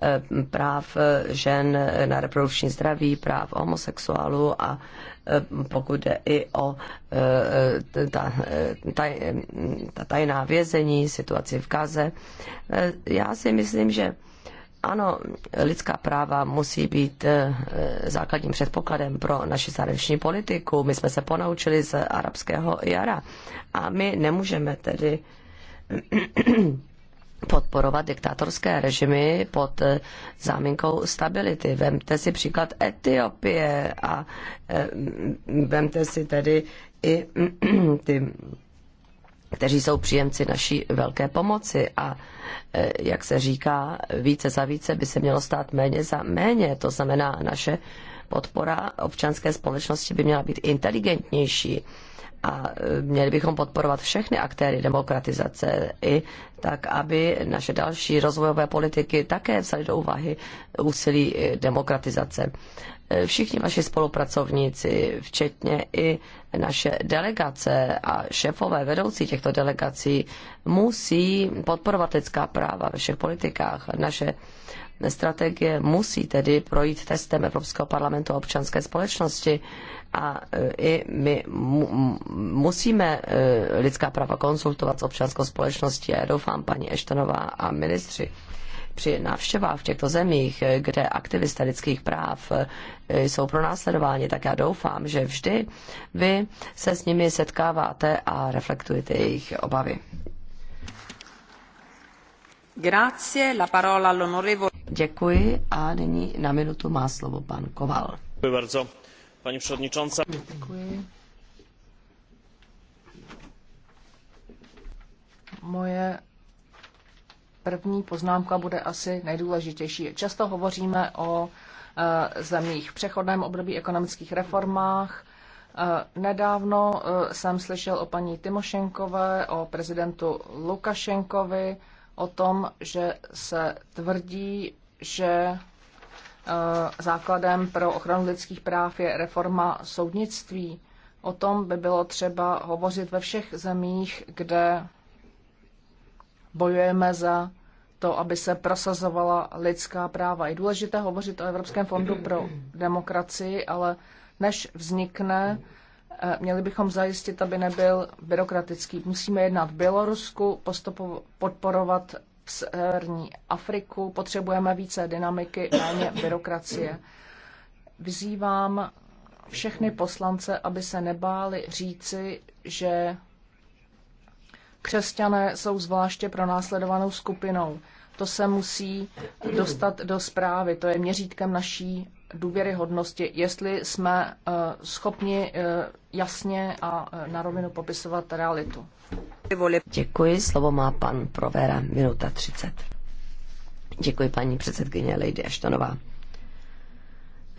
eh, práv žen na reprodukční zdraví, práv homosexuálů a pokud jde i o ta, taj, ta tajná vězení, situaci v Gaze. Já si myslím, že ano, lidská práva musí být eh, základním předpokladem pro naši zahraniční politiku. My jsme se ponaučili z arabského jara a my nemůžeme tedy <clears throat> podporovat diktátorské režimy pod eh, záminkou stability. Vemte si příklad Etiopie a eh, vemte si tedy i <clears throat> ty kteří jsou příjemci naší velké pomoci a e, jak se říká, více za více by se mělo stát méně za méně. To znamená, naše podpora občanské společnosti by měla být inteligentnější a e, měli bychom podporovat všechny aktéry demokratizace i tak, aby naše další rozvojové politiky také vzaly do úvahy úsilí demokratizace všichni vaši spolupracovníci, včetně i naše delegace a šéfové vedoucí těchto delegací, musí podporovat lidská práva ve všech politikách. Naše strategie musí tedy projít testem Evropského parlamentu a občanské společnosti a e, i my mu, musíme e, lidská práva konsultovat s občanskou společností. Já doufám, paní Eštonová a ministři při návštěvách v těchto zemích, kde aktivisté lidských práv eh, jsou pronásledováni, tak já doufám, že vždy vy se s nimi setkáváte a reflektujete jejich obavy. Grazie, la parola all'onorevole. Děkuji a nyní na minutu má slovo pan Koval. Děkuji bardzo, paní předničonce. Děkuji. Moje První poznámka bude asi nejdůležitější. Často hovoříme o e, zemích v přechodném období ekonomických reformách. E, nedávno e, jsem slyšel o paní Timošenkové, o prezidentu Lukašenkovi, o tom, že se tvrdí, že základem pro ochranu lidských práv je reforma soudnictví. O tom by bylo třeba hovořit ve všech zemích, kde bojujeme za to, aby se prosazovala lidská práva. Je důležité hovořit o Evropském fondu pro demokracii, ale než vznikne, eh, měli bychom zajistit, aby nebyl byrokratický. Musíme jednat v Bělorusku, podporovat v severní Afriku, potřebujeme více dynamiky, méně byrokracie. Vyzývám všechny poslance, aby se nebáli říci, že Křesťané jsou zvláště pronásledovanou skupinou. To se musí dostat do zprávy. To je měřítkem naší důvěryhodnosti, jestli jsme eh, schopni eh, jasně a eh, na rovinu popisovat realitu. Děkuji, slovo má pan Provera, minuta 30. Děkuji, paní předsedkyně Lady Ashtonová.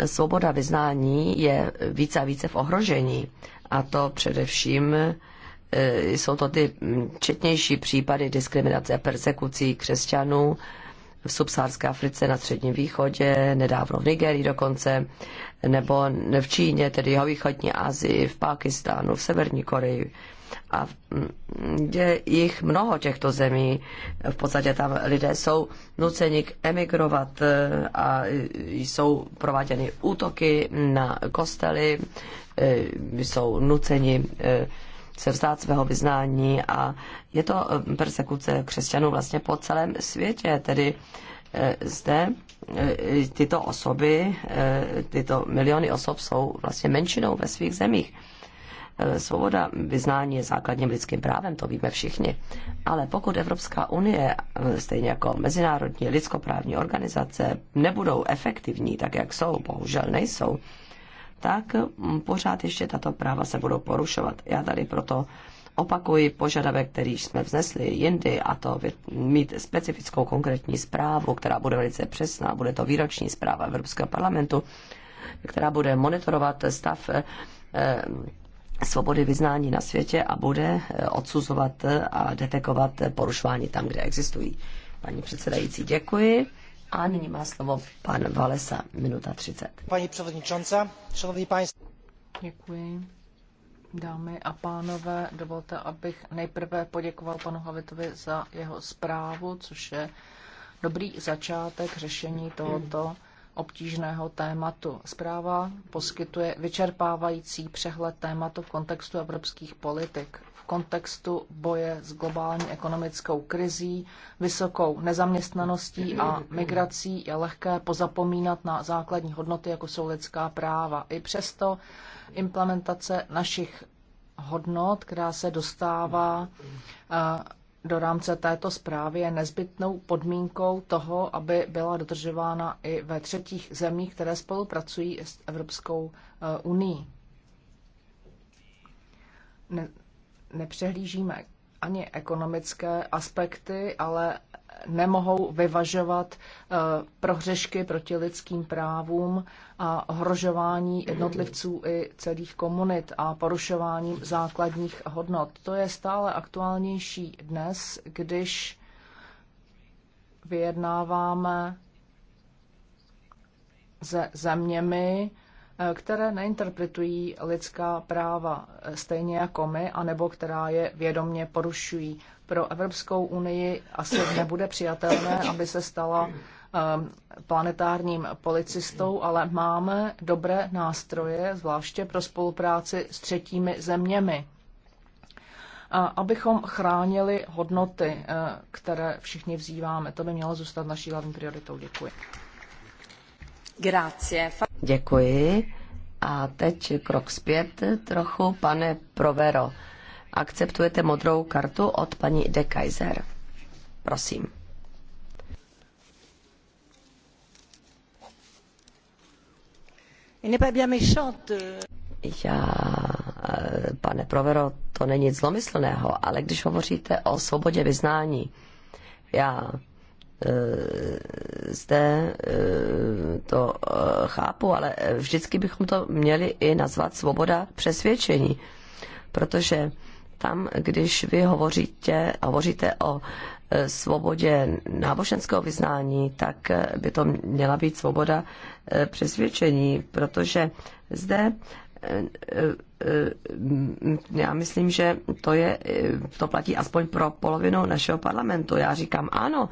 Svoboda vyznání je více a více v ohrožení, a to především Eh, jsou to ty četnější případy diskriminace a persekucí křesťanů v subsárské Africe, na Středním východě, nedávno v Nigerii dokonce, nebo v Číně, tedy jeho východní Asii, v Pákistánu, v Severní Koreji. A mm, je jich mnoho těchto zemí. V podstatě tam lidé jsou nuceni k emigrovat eh, a jsou prováděny útoky na kostely, eh, jsou nuceni se vzdát svého vyznání a je to eh, persekuce křesťanů vlastně po celém světě, tedy eh, zde eh, tyto osoby, tyto miliony osob jsou vlastně menšinou ve svých zemích. Svoboda vyznání je základním lidským právem, to víme všichni. Ale pokud Evropská unie, stejně jako mezinárodní lidskoprávní organizace, nebudou efektivní, tak jak jsou, bohužel nejsou, tak mm, pořád ještě tato práva se budou porušovat. Já tady proto opakuji požadavek, který jsme vznesli jindy, a to mít specifickou konkrétní zprávu, která bude velice přesná, bude to výroční zpráva Evropského parlamentu, která bude monitorovat stav eh, svobody vyznání na světě a bude eh, odsuzovat a detekovat porušování tam, kde existují. Paní předsedající, děkuji. A nyní má slovo pan Valesa, minuta 30. Paní předsedající, šanovní państwo. Děkuji. Dámy a pánové, dovolte, abych nejprve poděkoval panu Havitovi za jeho zprávu, což je dobrý začátek řešení tohoto obtížného tématu. Zpráva poskytuje vyčerpávající přehled tématu v kontextu evropských politik kontextu boje s globální ekonomickou krizí, vysokou nezaměstnaností a migrací je lehké pozapomínat na základní hodnoty, jako jsou lidská práva. I přesto implementace našich hodnot, která se dostává eh, do rámce této zprávy je nezbytnou podmínkou toho, aby byla dodržována i ve třetích zemích, které spolupracují s Evropskou eh, unii nepřehlížíme ani ekonomické aspekty, ale nemohou vyvažovat eh, prohřešky proti lidským právům a ohrožování jednotlivců i celých komunit a porušováním základních hodnot. To je stále aktuálnější dnes, když vyjednáváme se zeměmi, Eh, které neinterpretují lidská práva eh, stejně jako my, anebo která je vědomně porušují. Pro Evropskou unii asi nebude přijatelné, aby se stala ehm, planetárním policistou, ale máme dobré nástroje, zvláště pro spolupráci s třetími zeměmi. A abychom chránili hodnoty, eh, které všichni vzýváme, to by mělo zůstat naší hlavní prioritou. Děkuji. Děkuji. A teď krok zpět trochu, pane Provero. Akceptujete modrou kartu od paní De Kaiser? Prosím. Já, eh, pane Provero, to není nic zlomyslného, ale když hovoříte o svobodě vyznání, já Eh, zde eh, to eh, chápu, ale vždycky bychom to měli i nazvat svoboda přesvědčení, protože tam, když vy hovoříte, hovoříte o svobodě náboženského vyznání, tak by to měla být svoboda přesvědčení, protože zde já myslím, že to, je, to platí aspoň pro polovinu našeho parlamentu. Já říkám ano,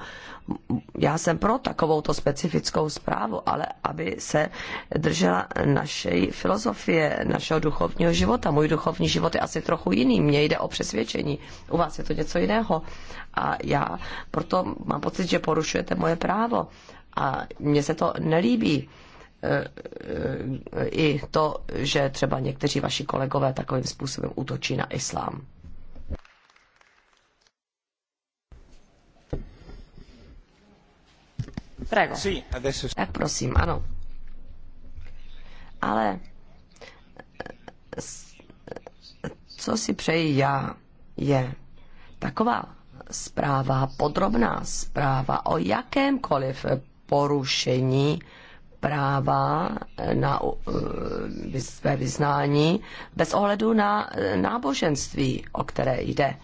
já jsem pro takovouto specifickou zprávu, ale aby se držela naší filozofie, našeho duchovního života. Můj duchovní život je asi trochu jiný, mně jde o přesvědčení, u vás je to něco jiného. A já proto mám pocit, že porušujete moje právo a mně se to nelíbí i to, že třeba někteří vaši kolegové takovým způsobem útočí na islám. Prego. Tak prosím, ano. Ale co si přeji já, je taková zpráva, podrobná zpráva o jakémkoliv porušení práva eh, na eh, své vyznání bez ohledu na eh, náboženství, o které jde.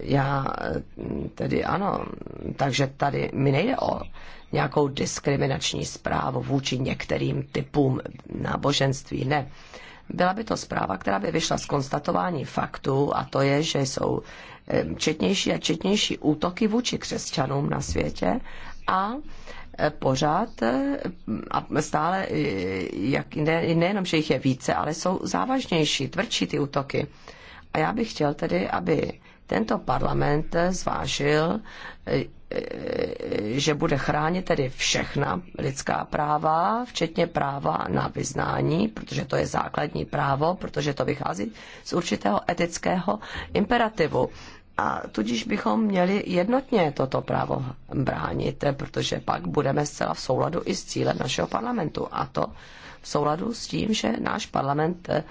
Já tedy ano, takže tady mi nejde o nějakou diskriminační zprávu vůči některým typům náboženství, ne. Byla by to zpráva, která by vyšla z konstatování faktu, a to je, že jsou četnější a četnější útoky vůči křesťanům na světě a pořád a stále, jak, ne, nejenom, že jich je více, ale jsou závažnější, tvrdší ty útoky. A já bych chtěl tedy, aby tento parlament zvážil, e, e, že bude chránit tedy všechna lidská práva, včetně práva na vyznání, protože to je základní právo, protože to vychází z určitého etického imperativu. A tudíž bychom měli jednotně toto právo bránit, protože pak budeme zcela v souladu i s cílem našeho parlamentu. A to v souladu s tím, že náš parlament eh,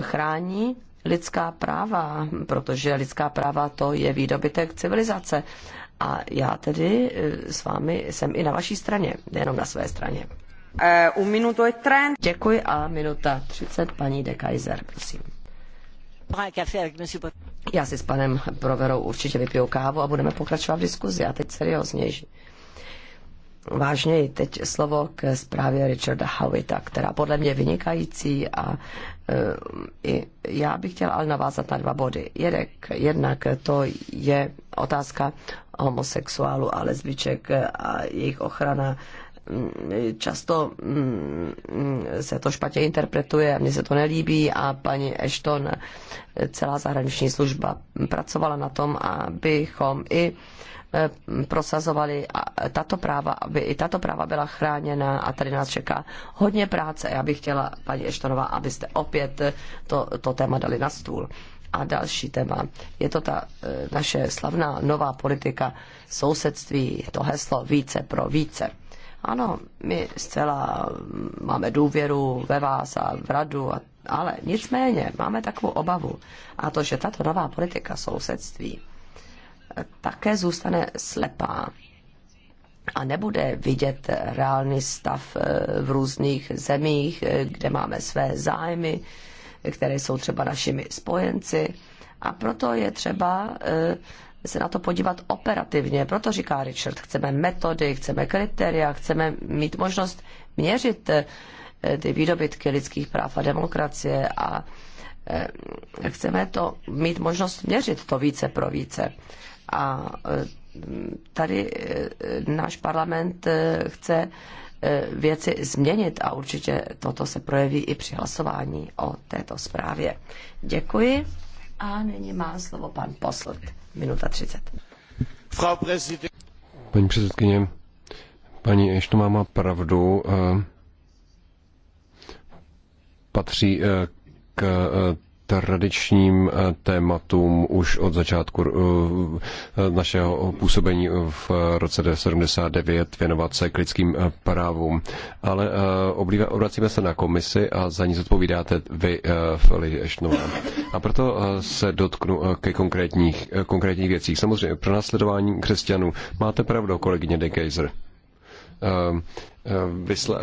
chrání lidská práva, protože lidská práva to je výdobytek civilizace. A já tedy eh, s vámi jsem i na vaší straně, nejenom na své straně. Uh, un minuto e Děkuji a minuta 30, paní de Kaiser, prosím. Já si s panem Proverou určitě vypiju kávu a budeme pokračovat v diskuzi. A teď seriózněji. Vážněji teď slovo k zprávě Richarda Howita, která podle mě je vynikající a eh, i já bych chtěl ale navázat na dva body. Jedek, jednak to je otázka homosexuálu, a lesbiček a jejich ochrana často mm, se to špatně interpretuje, mně se to nelíbí a paní Ashton, celá zahraniční služba pracovala na tom, abychom i e, prosazovali tato práva, aby i tato práva byla chráněna a tady nás čeká hodně práce. Já bych chtěla, paní Eštonová, abyste opět to, to téma dali na stůl. A další téma, je to ta e, naše slavná nová politika sousedství, to heslo více pro více. Ano, my zcela máme důvěru ve vás a v radu, ale nicméně máme takovou obavu. A to, že tato nová politika sousedství eh, také zůstane slepá a nebude vidět reálný stav eh, v různých zemích, eh, kde máme své zájmy, které jsou třeba našimi spojenci. A proto je třeba se na to podívat operativně. Proto říká Richard, chceme metody, chceme kritéria, chceme mít možnost měřit eh, ty výdobytky lidských práv a demokracie a eh, chceme to mít možnost měřit to více pro více. A eh, tady náš parlament chce věci změnit a určitě toto se projeví i při hlasování o této zprávě. Děkuji a nyní má slovo pan Poslet minuta 30. Paní předsedkyně, paní Eštová má pravdu. Eh, patří eh, k eh, tradičním eh, tématům už od začátku eh, našeho působení v roce 79 věnovat se k lidským eh, právům. Ale obracíme se na komisi a za ní zodpovídáte vy, Feli Eštnová. A proto se dotknu ke konkrétních, konkrétních věcích. Samozřejmě pro následování křesťanů. Máte pravdu, kolegyně De Geyser. Vysla,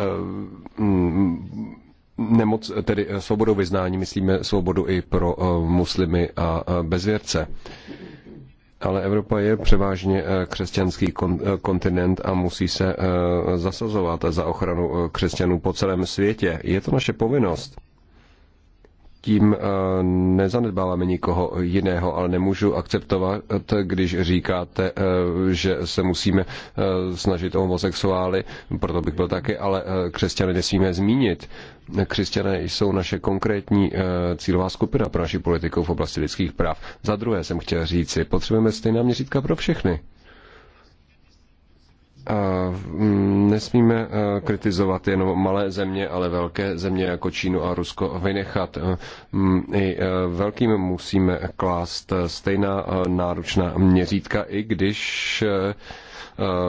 nemoc, tedy eh, svobodou vyznání, myslíme svobodu i pro eh, muslimy a eh, bezvěrce. Ale Evropa je převážně křesťanský kontinent a musí se zasazovat za ochranu křesťanů po celém světě. Je to naše povinnost tím eh, nezanedbáváme nikoho jiného, ale nemůžu akceptovat, když říkáte, eh, že se musíme eh, snažit o homosexuály, proto bych byl taky, ale křesťany nesmíme zmínit. Křesťané jsou naše konkrétní cílová skupina pro naši politiku v oblasti lidských práv. Za druhé jsem chtěl říci, potřebujeme stejná měřítka pro všechny. Mm, nesmíme kritizovat jenom malé země, ale velké země jako Čínu a Rusko vynechat. Mm, I e, velkým musíme klást stejná e, náročná měřítka, i když e,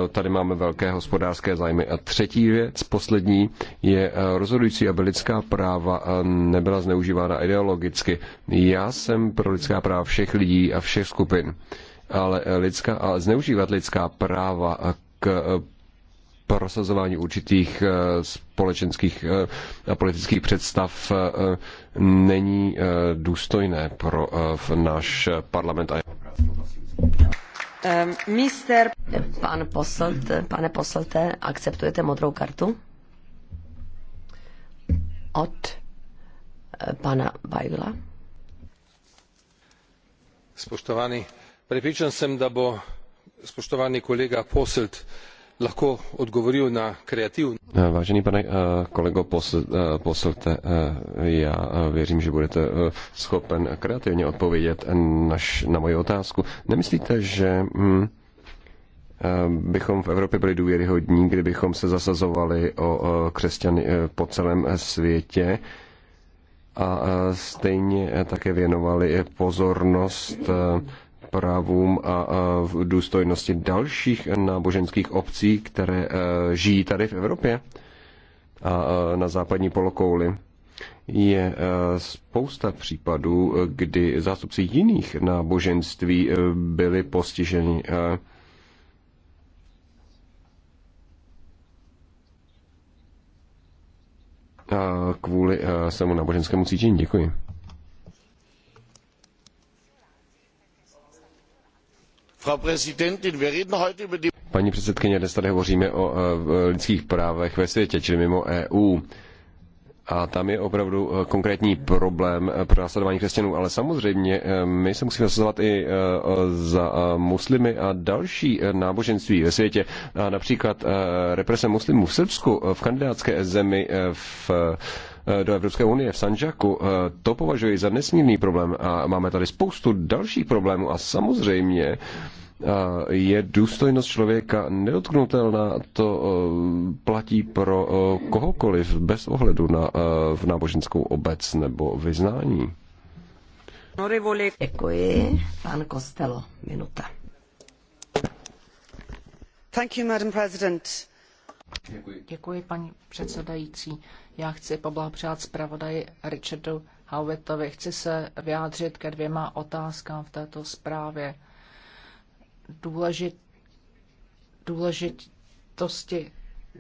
tady máme velké hospodářské zájmy. A třetí věc, poslední, je rozhodující, aby lidská práva nebyla zneužívána ideologicky. Já jsem pro lidská práva všech lidí a všech skupin ale lidská, ale zneužívat lidská práva k eh, prosazování určitých eh, společenských eh, a politických představ není důstojné pro náš parlament a Mister... Pan poslte, pane poslte, akceptujete modrou kartu? Od pana Bajla. Spoštovaný, prepričan sem, da bo spoštovani kolega posselt lahko odgovoril na kreativno. Eh, vážený pane eh, kolego eh, Poselte, já věřím, že budete schopen kreativně odpovědět naš, na moji otázku. Nemyslíte, že hm, bychom v Evropě byli důvěryhodní, kdybychom se zasazovali o křesťany po celém světě a stejně také věnovali pozornost právům a v důstojnosti dalších náboženských obcí, které e, žijí tady v Evropě a e, na západní polokouli. Je e, spousta případů, kdy zástupci jiných náboženství byli postiženi kvůli svému náboženskému cítění. Děkuji. Paní předsedkyně, dnes tady hovoříme o eh, eh, lidských právech ve světě, čili mimo EU. A tam je opravdu eh, konkrétní problém pro následování křesťanů. Ale samozřejmě my se musíme zasazovat i za muslimy a další náboženství ve světě. A například represe muslimů v Srbsku, v kandidátské zemi, v Eh, do Evropské unie v Sanžaku. Eh, to považuji za nesmírný problém a máme tady spoustu dalších problémů a samozřejmě eh, je důstojnost člověka nedotknutelná, to platí pro kohokoliv bez ohledu na v náboženskou obec nebo vyznání. Děkuji. Pan Kostelo, minuta. Thank you, Madam President. Děkuji. Děkuji, paní předsedající. Já chci poblahopřát zpravodaji Richardu Howittovi. Chci se vyjádřit ke dvěma otázkám v této zprávě. Důležit, důležitosti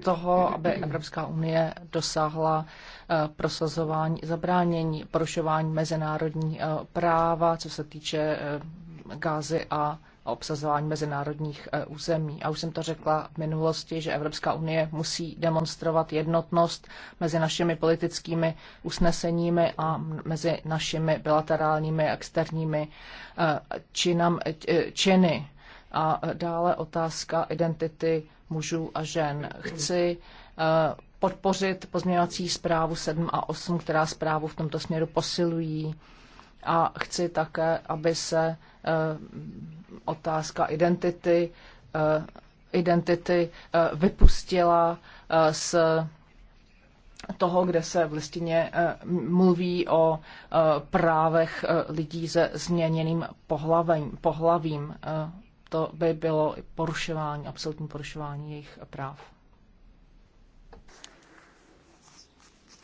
toho, aby Evropská unie dosáhla eh, prosazování, zabránění, porušování mezinárodní eh, práva, co se týče eh, gázy a obsazování mezinárodních eh, území. A už jsem to řekla v minulosti, že Evropská unie musí demonstrovat jednotnost mezi našimi politickými usneseními a mezi našimi bilaterálními externími eh, činam, eh, činy. A dále otázka identity mužů a žen. Chci podpořit pozměňovací zprávu 7 a 8, která zprávu v tomto směru posilují a chci také, aby se eh, otázka identity, eh, identity eh, vypustila z toho, kde se v listině mluví o právech lidí se změněným pohlavím. pohlavím. To by bylo porušování, absolutní porušování jejich práv.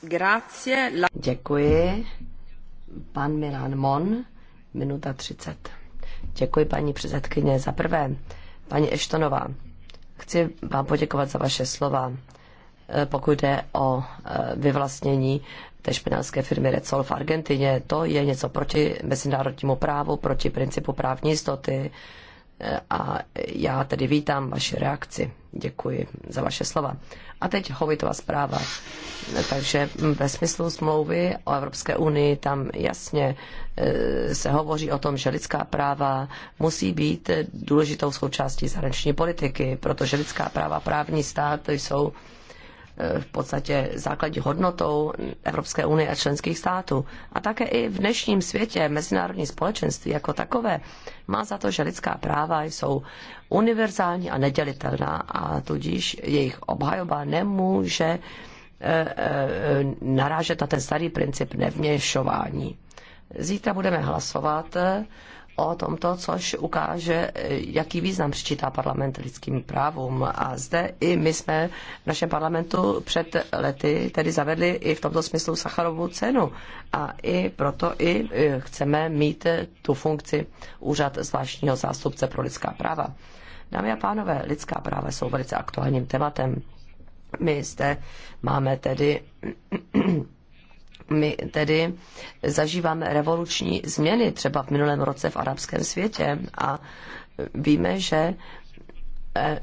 Grazie. Děkuji. Pan Milan Mon, minuta 30. Děkuji paní předsedkyně. Za prvé, paní Eštonová, chci vám poděkovat za vaše slova, eh, pokud jde o eh, vyvlastnění té španělské firmy Recol v Argentině. To je něco proti mezinárodnímu právu, proti principu právní jistoty a já tedy vítám vaši reakci. Děkuji za vaše slova. A teď Hovitová zpráva. Takže ve smyslu smlouvy o Evropské unii tam jasně eh, se hovoří o tom, že lidská práva musí být důležitou součástí zahraniční politiky, protože lidská práva, právní stát jsou v podstatě základní hodnotou Evropské unie a členských států. A také i v dnešním světě mezinárodní společenství jako takové má za to, že lidská práva jsou univerzální a nedělitelná a tudíž jejich obhajoba nemůže eh, eh, narážet na ten starý princip nevměšování. Zítra budeme hlasovat eh, o tomto, což ukáže, jaký význam přičítá parlament lidským právům. A zde i my jsme v našem parlamentu před lety tedy zavedli i v tomto smyslu sacharovou cenu. A i proto i e, chceme mít tu funkci úřad zvláštního zástupce pro lidská práva. Dámy a pánové, lidská práva jsou velice aktuálním tématem. My zde máme tedy my tedy zažíváme revoluční změny, třeba v minulém roce v arabském světě a víme, že eh,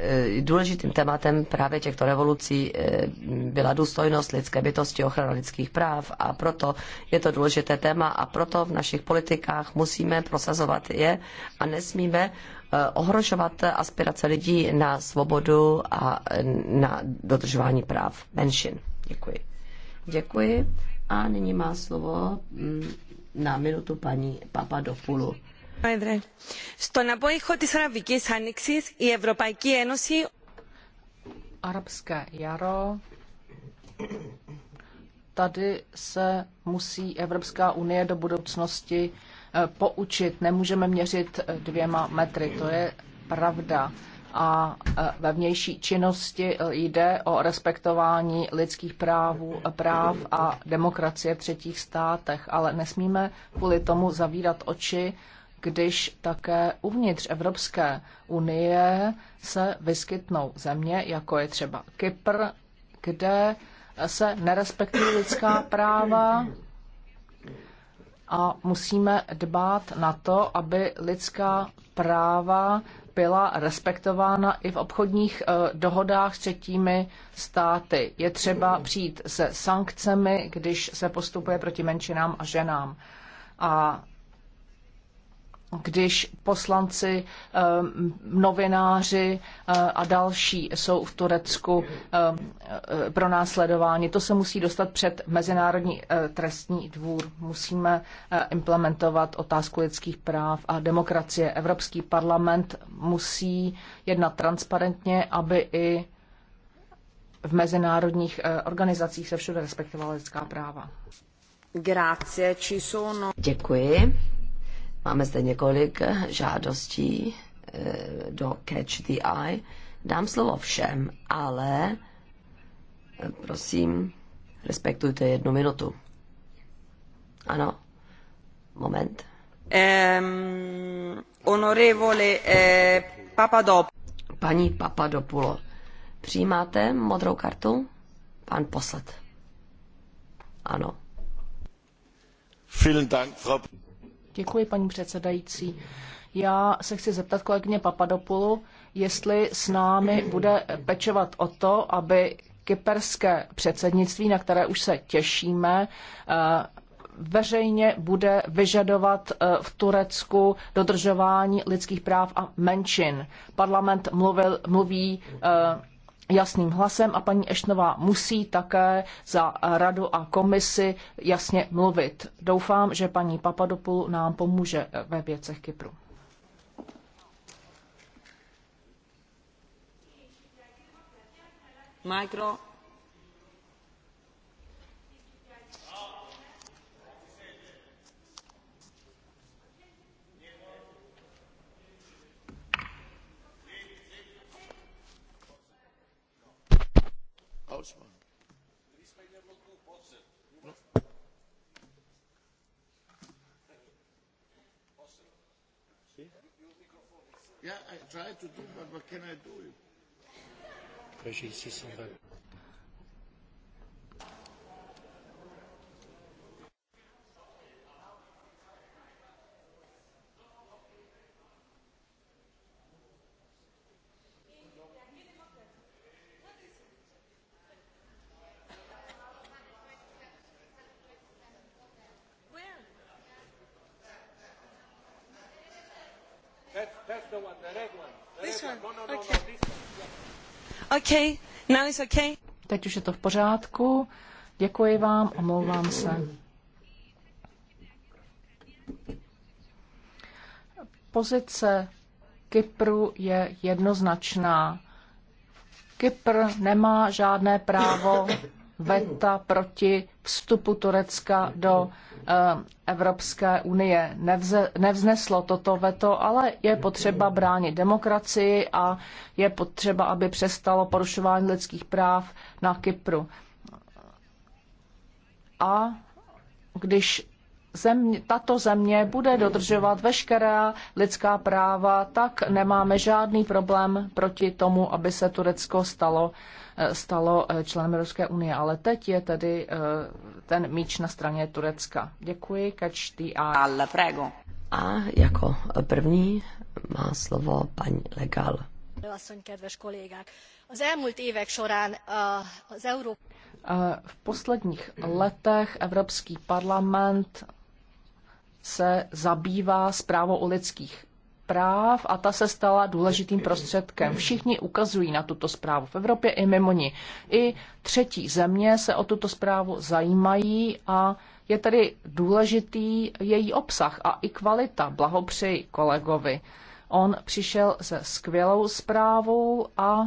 eh, důležitým tématem právě těchto revolucí eh, byla důstojnost lidské bytosti, ochrana lidských práv a proto je to důležité téma a proto v našich politikách musíme prosazovat je a nesmíme ohrožovat aspirace lidí na svobodu a na dodržování práv menšin. Děkuji. Děkuji. A nyní má slovo mm, na minutu paní Papadopoulou. Πρόεδρε, στον απόϊχο της Αραβικής Άνοιξης η Ευρωπαϊκή Ένωση... Arabské jaro. Tady se musí Evropská unie do budoucnosti eh, poučit. Nemůžeme měřit eh, dvěma metry, to je pravda a e, ve vnější činnosti e, jde o respektování lidských právů, práv a demokracie v třetích státech, ale nesmíme kvůli tomu zavírat oči, když také uvnitř Evropské unie se vyskytnou země, jako je třeba Kypr, kde se nerespektují lidská práva a musíme dbát na to, aby lidská práva byla respektována i v obchodních e, dohodách s třetími státy. Je třeba přijít se sankcemi, když se postupuje proti menšinám a ženám. A když poslanci, eh, novináři eh, a další jsou v Turecku eh, pro následování. To se musí dostat před Mezinárodní trestní dvůr. Musíme implementovat otázku lidských práv a demokracie. Evropský parlament musí jednat transparentně, aby i v mezinárodních organizacích se všude respektovala lidská práva. Grazie, ci sono. Děkuji. Máme zde několik žádostí eh, do Catch the Eye. Dám slovo všem, ale eh, prosím, respektujte jednu minutu. Ano, moment. Um, onorevole eh, Papadop. Paní Papadopulo, přijímáte modrou kartu? Pan poslat. Ano. Vielen Dank, Frau Děkuji, paní předsedající. Já se chci zeptat kolegyně Papadopoulu, jestli s námi bude pečovat o to, aby kyperské předsednictví, na které už se těšíme, eh, veřejně bude vyžadovat eh, v Turecku dodržování lidských práv a menšin. Parlament mluvil, mluví eh, jasným hlasem a paní Ešnová musí také za radu a komisi jasně mluvit. Doufám, že paní Papadopoulou nám pomůže ve věcech Kypru. Micro. try to do, but what can I do? Because she's guys, Teď už je to v pořádku. Děkuji vám, omlouvám se. Pozice Kypru je jednoznačná. Kypr nemá žádné právo veta proti vstupu Turecka do eh, Evropské unie. Nevze, nevzneslo toto veto, ale je potřeba bránit demokracii a je potřeba, aby přestalo porušování lidských práv na Kypru. A když země, tato země bude dodržovat veškerá lidská práva, tak nemáme žádný problém proti tomu, aby se Turecko stalo uh, stalo eh, členem Evropské unie, ale teď je tedy eh, ten míč na straně Turecka. Děkuji, kačtý a... prego. A jako první má slovo paní Legal. Eh, v posledních letech Evropský parlament se zabývá zprávou o lidských zpráv a ta se stala důležitým prostředkem. Všichni ukazují na tuto zprávu v Evropě i mimo ní. I třetí země se o tuto zprávu zajímají a je tedy důležitý její obsah a i kvalita. Blahopřeji kolegovi. On přišel se skvělou zprávou a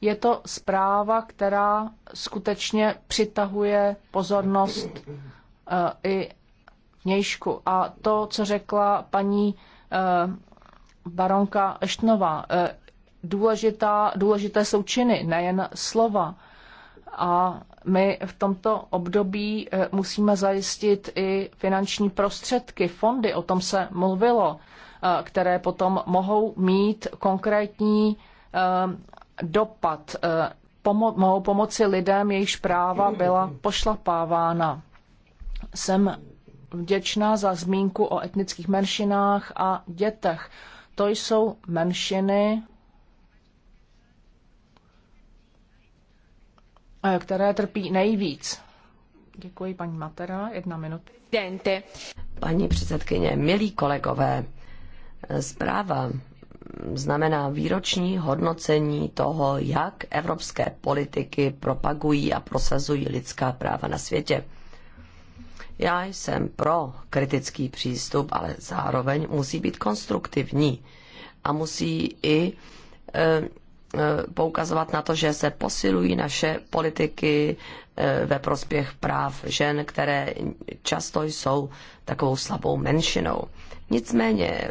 je to zpráva, která skutečně přitahuje pozornost eh, i vnějšku. A to, co řekla paní eh, baronka Eštnová, eh, důležitá, důležité jsou činy, nejen slova. A my v tomto období eh, musíme zajistit i finanční prostředky, fondy, o tom se mluvilo, které potom mohou mít konkrétní dopad, pomo- mohou pomoci lidem, jejichž práva byla pošlapávána. Jsem vděčná za zmínku o etnických menšinách a dětech. To jsou menšiny, eh, které trpí nejvíc. Děkuji, paní Matera. Jedna minuta. Paní předsedkyně, milí kolegové, zpráva znamená výroční hodnocení toho, jak evropské politiky propagují a prosazují lidská práva na světě. Já jsem pro kritický přístup, ale zároveň musí být konstruktivní a musí i e, e, poukazovat na to, že se posilují naše politiky e, ve prospěch práv žen, které často jsou takovou slabou menšinou. Nicméně,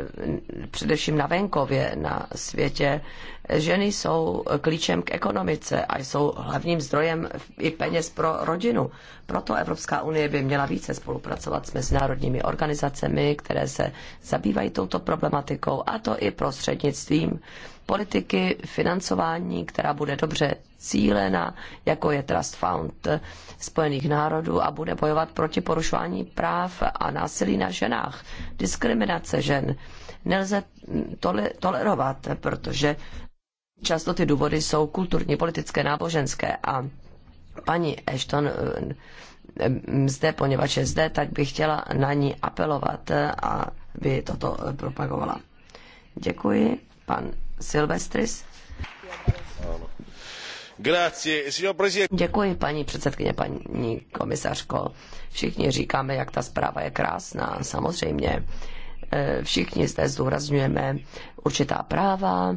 především na venkově, na světě, Ženy jsou klíčem k ekonomice a jsou hlavním zdrojem i peněz pro rodinu. Proto Evropská unie by měla více spolupracovat s mezinárodními organizacemi, které se zabývají touto problematikou, a to i prostřednictvím politiky financování, která bude dobře cílena, jako je Trust Fund Spojených národů a bude bojovat proti porušování práv a násilí na ženách, diskriminace žen. Nelze tolerovat, protože Často ty důvody jsou kulturní, politické, náboženské a paní Ashton eh, eh, zde, poněvadž je zde, tak bych chtěla na ní apelovat, eh, aby toto propagovala. Děkuji. Pan Silvestris. Děkuji, paní předsedkyně, paní komisařko. Všichni říkáme, jak ta zpráva je krásná, samozřejmě. Všichni zde zdůrazňujeme určitá práva,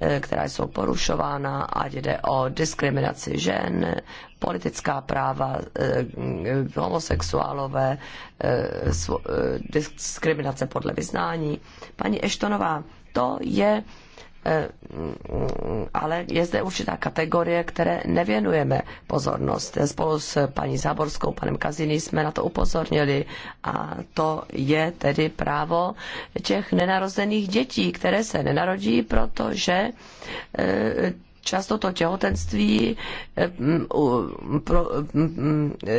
Eh, která jsou porušována, ať jde o diskriminaci žen, politická práva, eh, homosexuálové, eh, diskriminace podle vyznání. Paní Eštonová, to je Eh, ale je zde určitá kategorie, které nevěnujeme pozornost. Spolu s paní Záborskou, panem Kaziny jsme na to upozornili a to je tedy právo těch nenarozených dětí, které se nenarodí, protože eh, často to těhotenství eh, pro,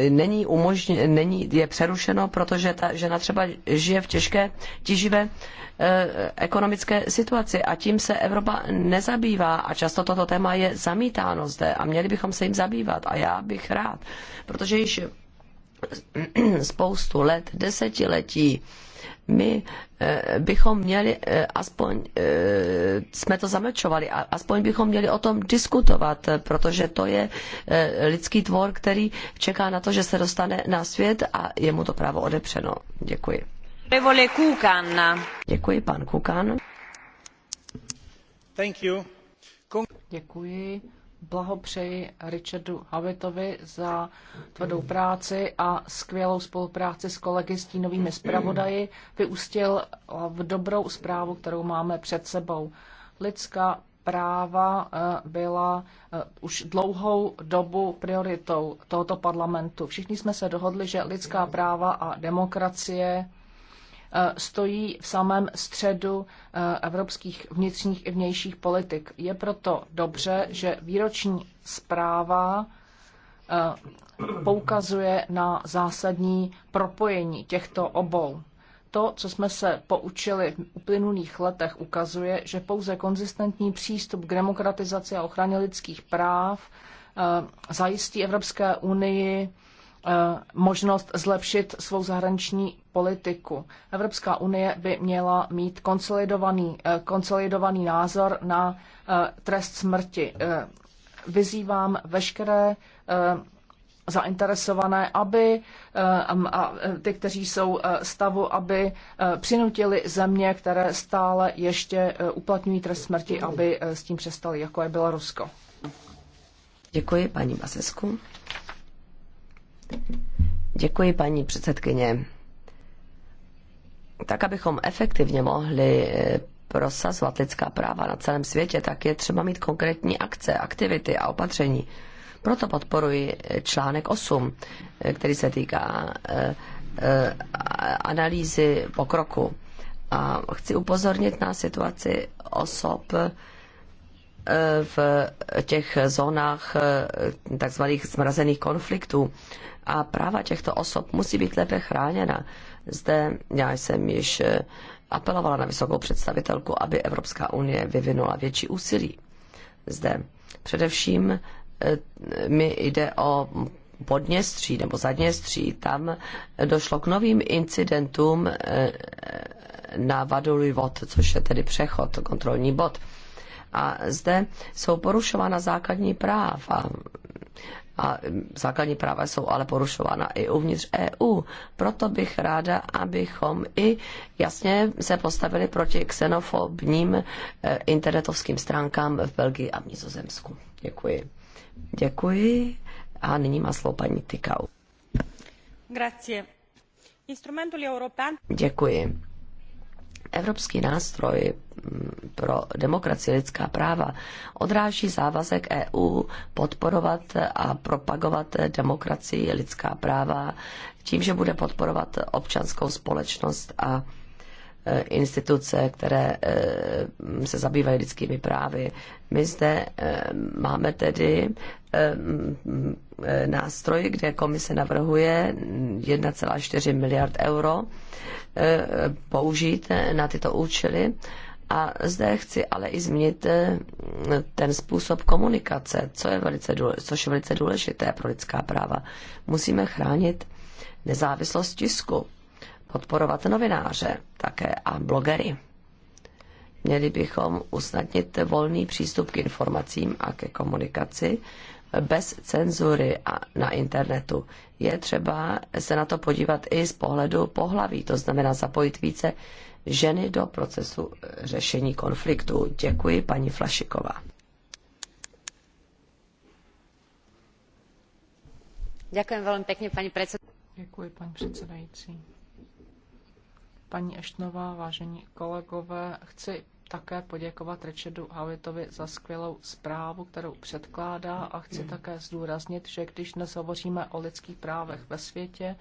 není, umožně, není je přerušeno, protože ta žena třeba žije v těžké, tíživé eh, ekonomické situaci a tím se Evropa nezabývá a často toto téma je zamítáno zde a měli bychom se jim zabývat a já bych rád, protože již <clears throat> spoustu let, desetiletí my eh, bychom měli, eh, aspoň eh, jsme to zamlčovali, aspoň bychom měli o tom diskutovat, protože to je lidský tvor, který čeká na to, že se dostane na svět a je mu to právo odepřeno. Děkuji. Děkuji, pan Kukan. Děkuji blahopřeji Richardu Havitovi za tvrdou práci a skvělou spolupráci s kolegy s tínovými zpravodaji. Vyústil v dobrou zprávu, kterou máme před sebou. Lidská práva eh, byla eh, už dlouhou dobu prioritou tohoto parlamentu. Všichni jsme se dohodli, že lidská práva a demokracie Eh, stojí v samém středu eh, evropských vnitřních i vnějších politik. Je proto dobře, že výroční zpráva eh, poukazuje na zásadní propojení těchto obou. To, co jsme se poučili v uplynulých letech, ukazuje, že pouze konzistentní přístup k demokratizaci a ochraně lidských práv zajistí Evropské unii Eh, možnost zlepšit svou zahraniční politiku. Evropská unie by měla mít konsolidovaný, eh, konsolidovaný názor na eh, trest smrti. Vyzývám veškeré zainteresované, aby a ty, kteří jsou stavu, aby přinutili země, které stále ještě uplatňují trest smrti, aby s tím přestali, jako je Bělorusko. Děkuji paní Basesku. Děkuji, paní předsedkyně. Tak, abychom efektivně mohli eh, prosazovat lidská práva na celém světě, tak je třeba mít konkrétní akce, aktivity a opatření. Proto podporuji eh, článek 8, eh, který se týká analýzy pokroku. A chci upozornit na situaci osob v těch zónách takzvaných zmrazených konfliktů a práva těchto osob musí být lépe chráněna. Zde já jsem již eh, apelovala na vysokou představitelku, aby Evropská unie vyvinula větší úsilí. Zde především eh, mi jde o Podněstří nebo Zadněstří, tam došlo k novým incidentům eh, na Vod, což je tedy přechod, kontrolní bod. A zde jsou porušována základní práva a mm, základní práva jsou ale porušována i uvnitř EU. Proto bych ráda, abychom i jasně se postavili proti xenofobním e, internetovským stránkám v Belgii a v Nizozemsku. Děkuji. Děkuji. A nyní má slovo paní Tykau. Grazie. Instrumentul european... Děkuji Evropský nástroj mm, pro demokracii lidská práva odráží závazek EU podporovat a propagovat demokracii lidská práva tím, že bude podporovat občanskou společnost a Eh, instituce, které eh, se zabývají lidskými právy. My zde eh, máme tedy mm, nástroj, kde komise navrhuje 1,4 miliard euro použít na tyto účely. A zde chci ale i změnit ten způsob komunikace, co je velice důležité, což je velice důležité pro lidská práva. Musíme chránit nezávislost tisku podporovat novináře také a blogery. Měli bychom usnadnit volný přístup k informacím a ke komunikaci bez cenzury a na internetu. Je třeba se na to podívat i z pohledu pohlaví, to znamená zapojit více ženy do procesu řešení konfliktu. Děkuji, paní Flašiková. Děkuji velmi pěkně, paní předsedající. Děkuji, paní předsedající. Paní Eštnová, vážení kolegové, chci také poděkovat Richardu Havitovi za skvělou zprávu, kterou předkládá a chci také zdůraznit, že když dnes hovoříme o lidských právech ve světě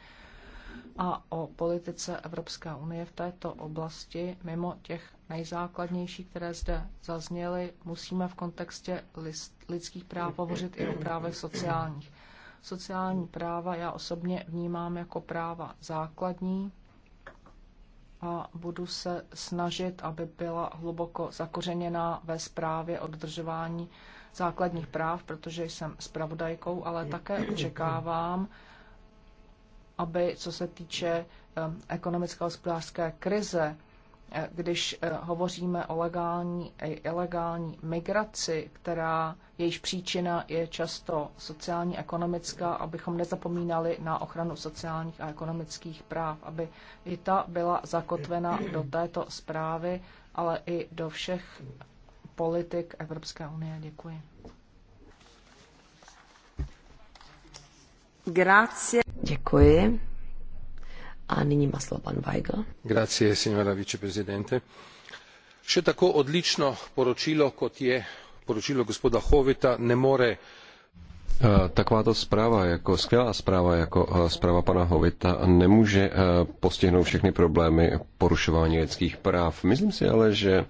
a o politice Evropské unie v této oblasti, mimo těch nejzákladnějších, které zde zazněly, musíme v kontextě lidských práv hovořit i o právech sociálních. Sociální práva já osobně vnímám jako práva základní, a budu se snažit, aby byla hluboko zakořeněná ve zprávě o dodržování základních práv, protože jsem zpravodajkou, ale také očekávám, aby co se týče eh, ekonomické a hospodářské krize, když eh, hovoříme o legální i eh, ilegální migraci, která jejíž příčina je často sociální, ekonomická, abychom nezapomínali na ochranu sociálních a ekonomických práv, aby i ta byla zakotvena do této zprávy, ale i do všech politik Evropské unie. Děkuji. Grazie. Děkuji. A nyní má slovo pan Weigl. Grazie, signora viceprezidente. Še tako odlično poročilo, kot je poročilo gospoda Hovita, ne more eh, Takováto zpráva, jako skvělá zpráva, jako zpráva eh, pana Hovita, nemůže eh, postihnout všechny problémy porušování lidských práv. Myslím si ale, že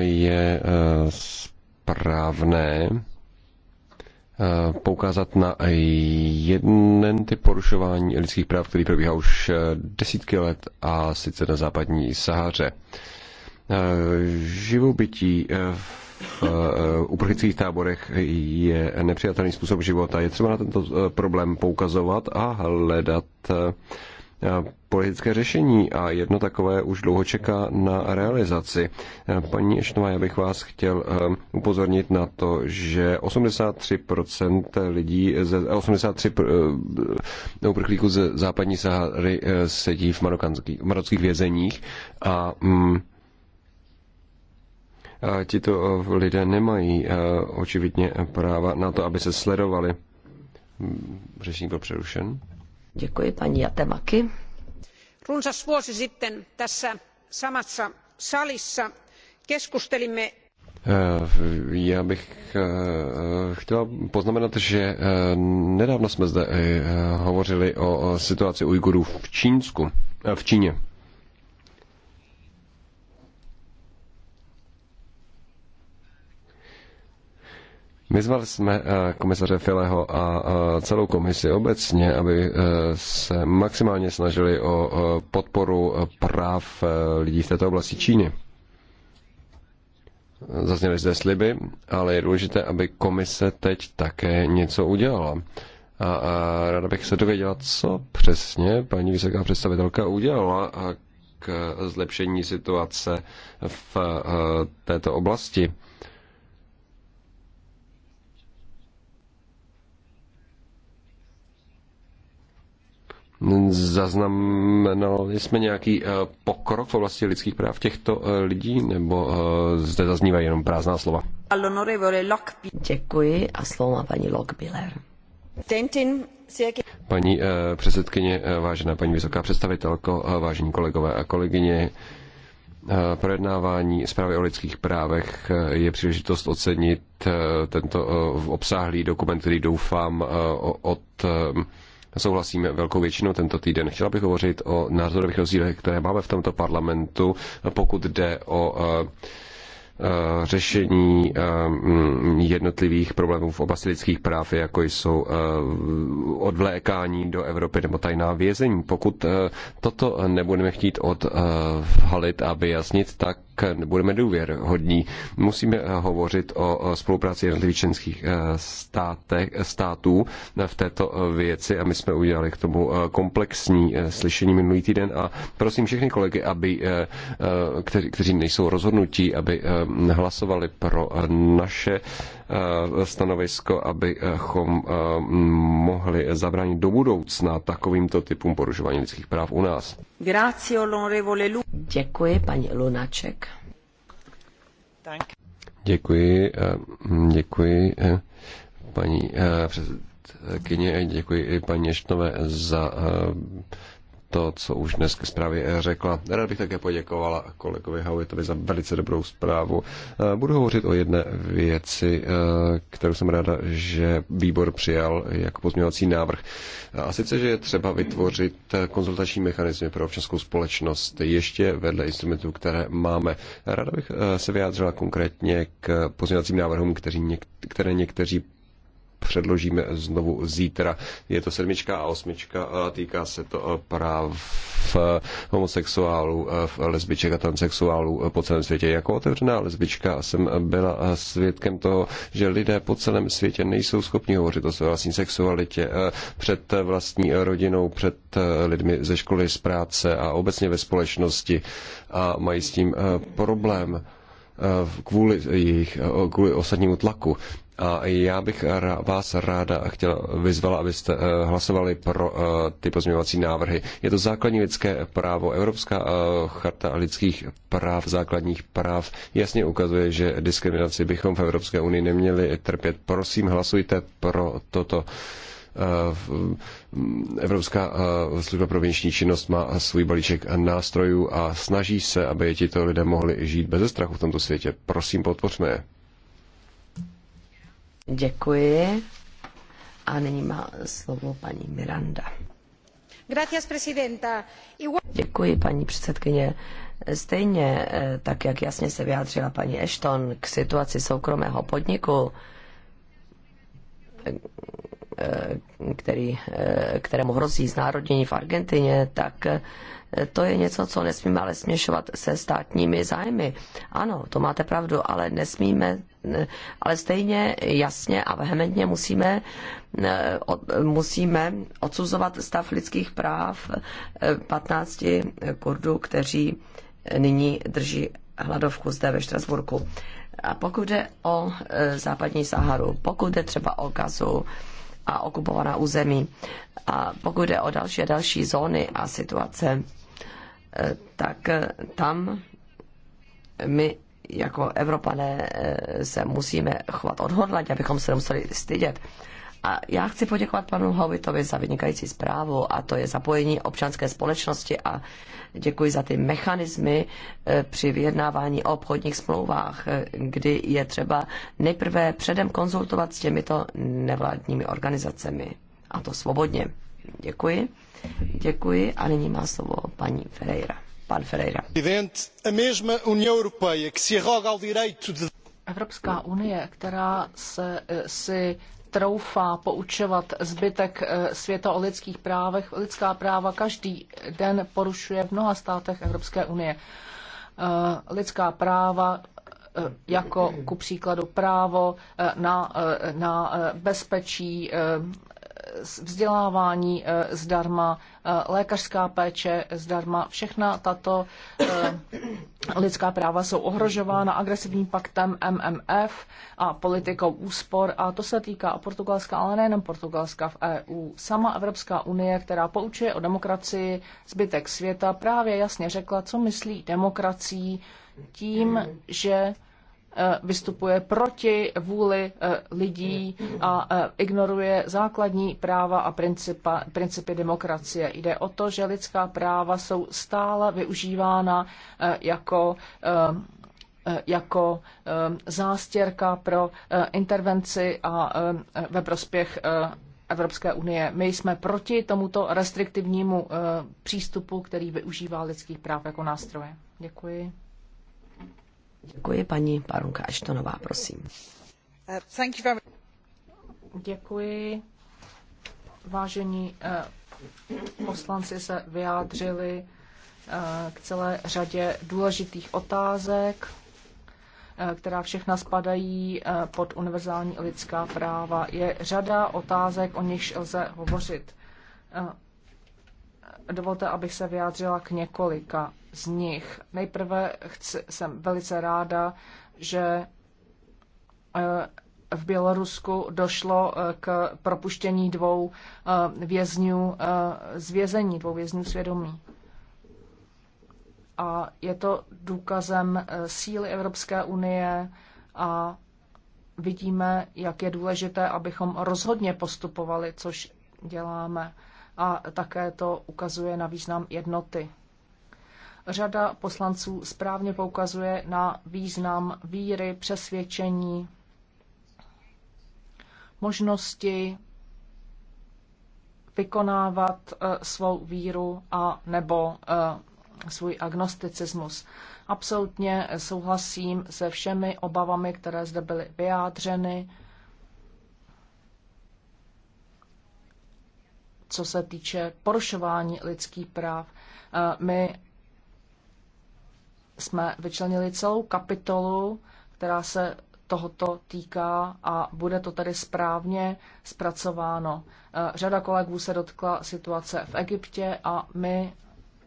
je správné Eh, poukázat na jeden typ porušování lidských práv, který probíhá už eh, desítky let a sice na západní Saháře. Eh, bytí v uprchlických táborech je nepřijatelný způsob života. Je třeba na tento problém poukazovat a hledat politické řešení a jedno takové už dlouho čeká na realizaci. Paní Eštová, já bych vás chtěl upozornit na to, že 83% lidí, ze, 83% e, uprchlíků ze západní Sahary e, sedí v marockých vězeních a mm, a tito e, lidé nemají očividně práva na to, aby se sledovali. Hmm, řešení byl přerušen. Runsas vuosi sitten tässä samassa salissa keskustelimme eh, já bych eh, chtěla poznamenat, že eh, nedávno jsme zde hovořili o situaci Ujgurů v Čínsku, v Číně. Vyzvali jsme eh, komisaře Fileho a eh, celou komisi obecně, aby eh, se maximálně snažili o podporu práv lidí v této oblasti Číny. Zazněly zde sliby, ale je důležité, aby komise teď také něco udělala. A, a ráda bych se dověděla, co přesně paní vysoká představitelka udělala k zlepšení situace v této oblasti Zaznamenali jsme nějaký eh, pokrok v oblasti lidských práv těchto eh, lidí, nebo eh, zde zaznívají jenom prázdná slova? Děkuji a slovo má paní Lockbiller. Paní předsedkyně, vážená paní vysoká představitelko, vážení kolegové a kolegyně, projednávání zprávy o lidských právech je příležitost ocenit tento obsáhlý dokument, který doufám od souhlasím velkou většinou tento týden. Chtěla bych hovořit o názorových rozdílech, které máme v tomto parlamentu, pokud jde o eh, eh, řešení eh, jednotlivých problémů v oblasti lidských práv, jako jsou odvlékání do Evropy nebo tajná vězení. Pokud toto nebudeme chtít odhalit a vyjasnit, tak budeme důvěrhodní. Musíme eh, hovořit o spolupráci jednotlivých členských eh, státech, států eh, v této věci a my jsme udělali k tomu komplexní slyšení minulý týden a prosím všechny kolegy, aby, kteří, kteří nejsou rozhodnutí, aby hlasovali pro naše stanovisko, abychom mohli zabránit do budoucna takovýmto typům porušování lidských práv u nás. Děkuji, paní Lunaček. Děkuji, eh, děkuji eh, paní eh, předsedkyně, děkuji i paní Ještnové za to, co už dnes k zprávě eh, řekla. Rád bych také poděkovala kolegovi Howitovi za velice dobrou zprávu. Eh, budu hovořit o jedné věci, eh, kterou jsem ráda, že výbor přijal jako pozměňovací návrh. A sice, že je třeba vytvořit konzultační mechanizmy pro občanskou společnost ještě vedle instrumentů, které máme. Ráda bych se vyjádřila konkrétně k pozměňovacím návrhům, které někteří předložíme znovu zítra. Je to sedmička a osmička, a týká se to práv eh, homosexuálů, eh, lesbiček a transexuálů eh, po celém světě. Jako otevřená lesbička jsem byla svědkem toho, že lidé po celém světě nejsou schopni hovořit o své vlastní sexualitě před vlastní rodinou, před lidmi ze školy, z práce a obecně ve společnosti a mají s tím problém kvůli jejich, kvůli ostatnímu tlaku. A já bych vás ráda chtěla vyzvala, abyste eh, hlasovali pro eh, ty pozměňovací návrhy. Je to základní lidské právo. Evropská eh, charta lidských práv, základních práv jasně ukazuje, že diskriminaci bychom v Evropské unii neměli trpět. Prosím, hlasujte pro toto. Mm, Evropská služba pro vnitřní činnost má svůj balíček nástrojů a snaží se, aby tito lidé mohli žít bez strachu v tomto světě. Prosím, podpořme je. Děkuji. A nyní má slovo paní Miranda. Děkuji, paní předsedkyně. Stejně eh, tak, jak jasně se vyjádřila paní Ashton k situaci soukromého podniku, eh, který, eh, kterému hrozí znárodnění v Argentině, tak to je něco, co nesmíme ale směšovat se státními zájmy. Ano, to máte pravdu, ale nesmíme ale stejně jasně a vehementně musíme, musíme odsuzovat stav lidských práv 15 eh, Kurdů, kteří nyní drží hladovku zde ve Štrasburku. A pokud jde o eh, západní Saharu, pokud jde třeba o Gazu a okupovaná území, a pokud jde o další a další zóny a situace, eh, tak tam my jako Evropané eh, se musíme chovat odhodlaně, abychom se nemuseli stydět. A já chci poděkovat panu Hovitovi za vynikající zprávu a to je zapojení občanské společnosti a děkuji za ty mechanismy eh, při vyjednávání o obchodních smlouvách, eh, kdy je třeba nejprve předem konzultovat s těmito nevládními organizacemi. A to svobodně. Děkuji. Děkuji a nyní má slovo paní Ferreira. Evropská unie, která se eh, si troufá poučovat zbytek eh, světa o lidských právech. Lidská práva každý den porušuje v mnoha státech Evropské unie. Eh, lidská práva jako ku příkladu právo na, na bezpečí, vzdělávání eh, zdarma, eh, lékařská péče zdarma. Všechna tato eh, lidská práva jsou ohrožována agresivním paktem MMF a politikou úspor a to se týká Portugalska, ale nejenom Portugalska v EU. Sama Evropská unie, která poučuje o demokracii zbytek světa, právě jasně řekla, co myslí demokracií tím, že Eh, vystupuje proti vůli eh, lidí a eh, ignoruje základní práva a principa, principy demokracie. Jde o to, že lidská práva jsou stále využívána jako jako zástěrka pro intervenci a ve prospěch Evropské unie. My jsme proti tomuto restriktivnímu přístupu, který využívá lidských práv jako nástroje. Děkuji. Děkuji paní Baronka Aštonová, prosím. Děkuji. Vážení eh, poslanci se vyjádřili eh, k celé řadě důležitých otázek, eh, která všechna spadají pod univerzální lidská práva. Je řada otázek, o nichž lze hovořit. Dovolte, abych se vyjádřila k několika z nich. Nejprve chci, jsem velice ráda, že eh, v Bělorusku došlo eh, k propuštění dvou eh, vězňů z vězení, dvou vězňů svědomí. A je to důkazem síly Evropské unie a vidíme, jak je důležité, abychom rozhodně postupovali, což děláme. A také to ukazuje na význam jednoty. Řada poslanců správně poukazuje na význam víry, přesvědčení, možnosti vykonávat eh, svou víru a nebo eh, svůj agnosticismus. Absolutně souhlasím se všemi obavami, které zde byly vyjádřeny, co se týče porušování lidských práv. Eh, my jsme vyčlenili celou kapitolu, která se tohoto týká a bude to tedy správně zpracováno. Eh, řada kolegů se dotkla situace v Egyptě a my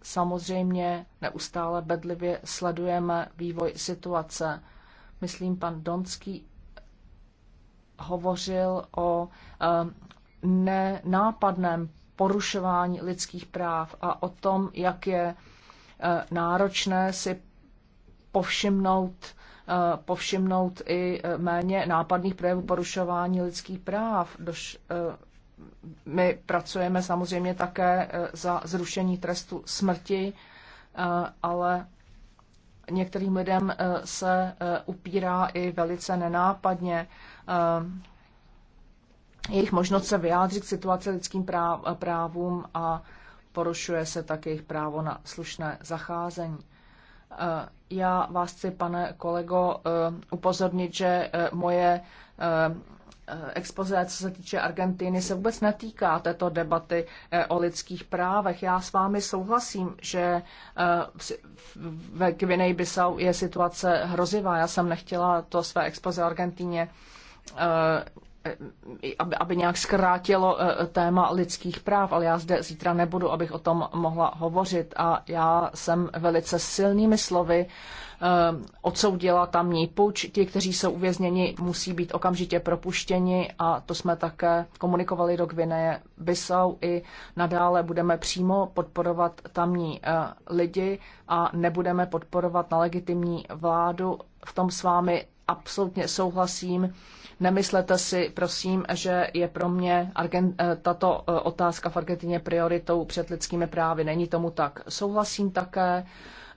samozřejmě neustále bedlivě sledujeme vývoj situace. Myslím, pan Donský hovořil o eh, nenápadném porušování lidských práv a o tom, jak je eh, náročné si povšimnout, eh, povšimnout i eh, méně nápadných projevů porušování lidských práv. Doš, eh, my pracujeme samozřejmě také za zrušení trestu smrti, ale některým lidem se upírá i velice nenápadně jejich možnost se vyjádřit k situaci lidským právům a porušuje se tak jejich právo na slušné zacházení. Eh, já vás chci, pane kolego, eh, upozornit, že eh, moje expoze, co se týče Argentiny, se vůbec netýká této debaty o lidských právech. Já s vámi souhlasím, že ve Gvineji Bissau je situace hrozivá. Já jsem nechtěla to své expoze Argentíně Eh, aby, aby nějak zkrátilo eh, téma lidských práv, ale já zde zítra nebudu, abych o tom mohla hovořit. A já jsem velice silnými slovy eh, odsoudila tamní puč. Ti, kteří jsou uvězněni, musí být okamžitě propuštěni a to jsme také komunikovali do Gvineje Bissau i nadále budeme přímo podporovat tamní lidi a nebudeme podporovat na legitimní vládu. V tom s vámi absolutně souhlasím Nemyslete si, prosím, že je pro mě eh, tato eh, otázka v Argentině prioritou před lidskými právy. Není tomu tak. Souhlasím také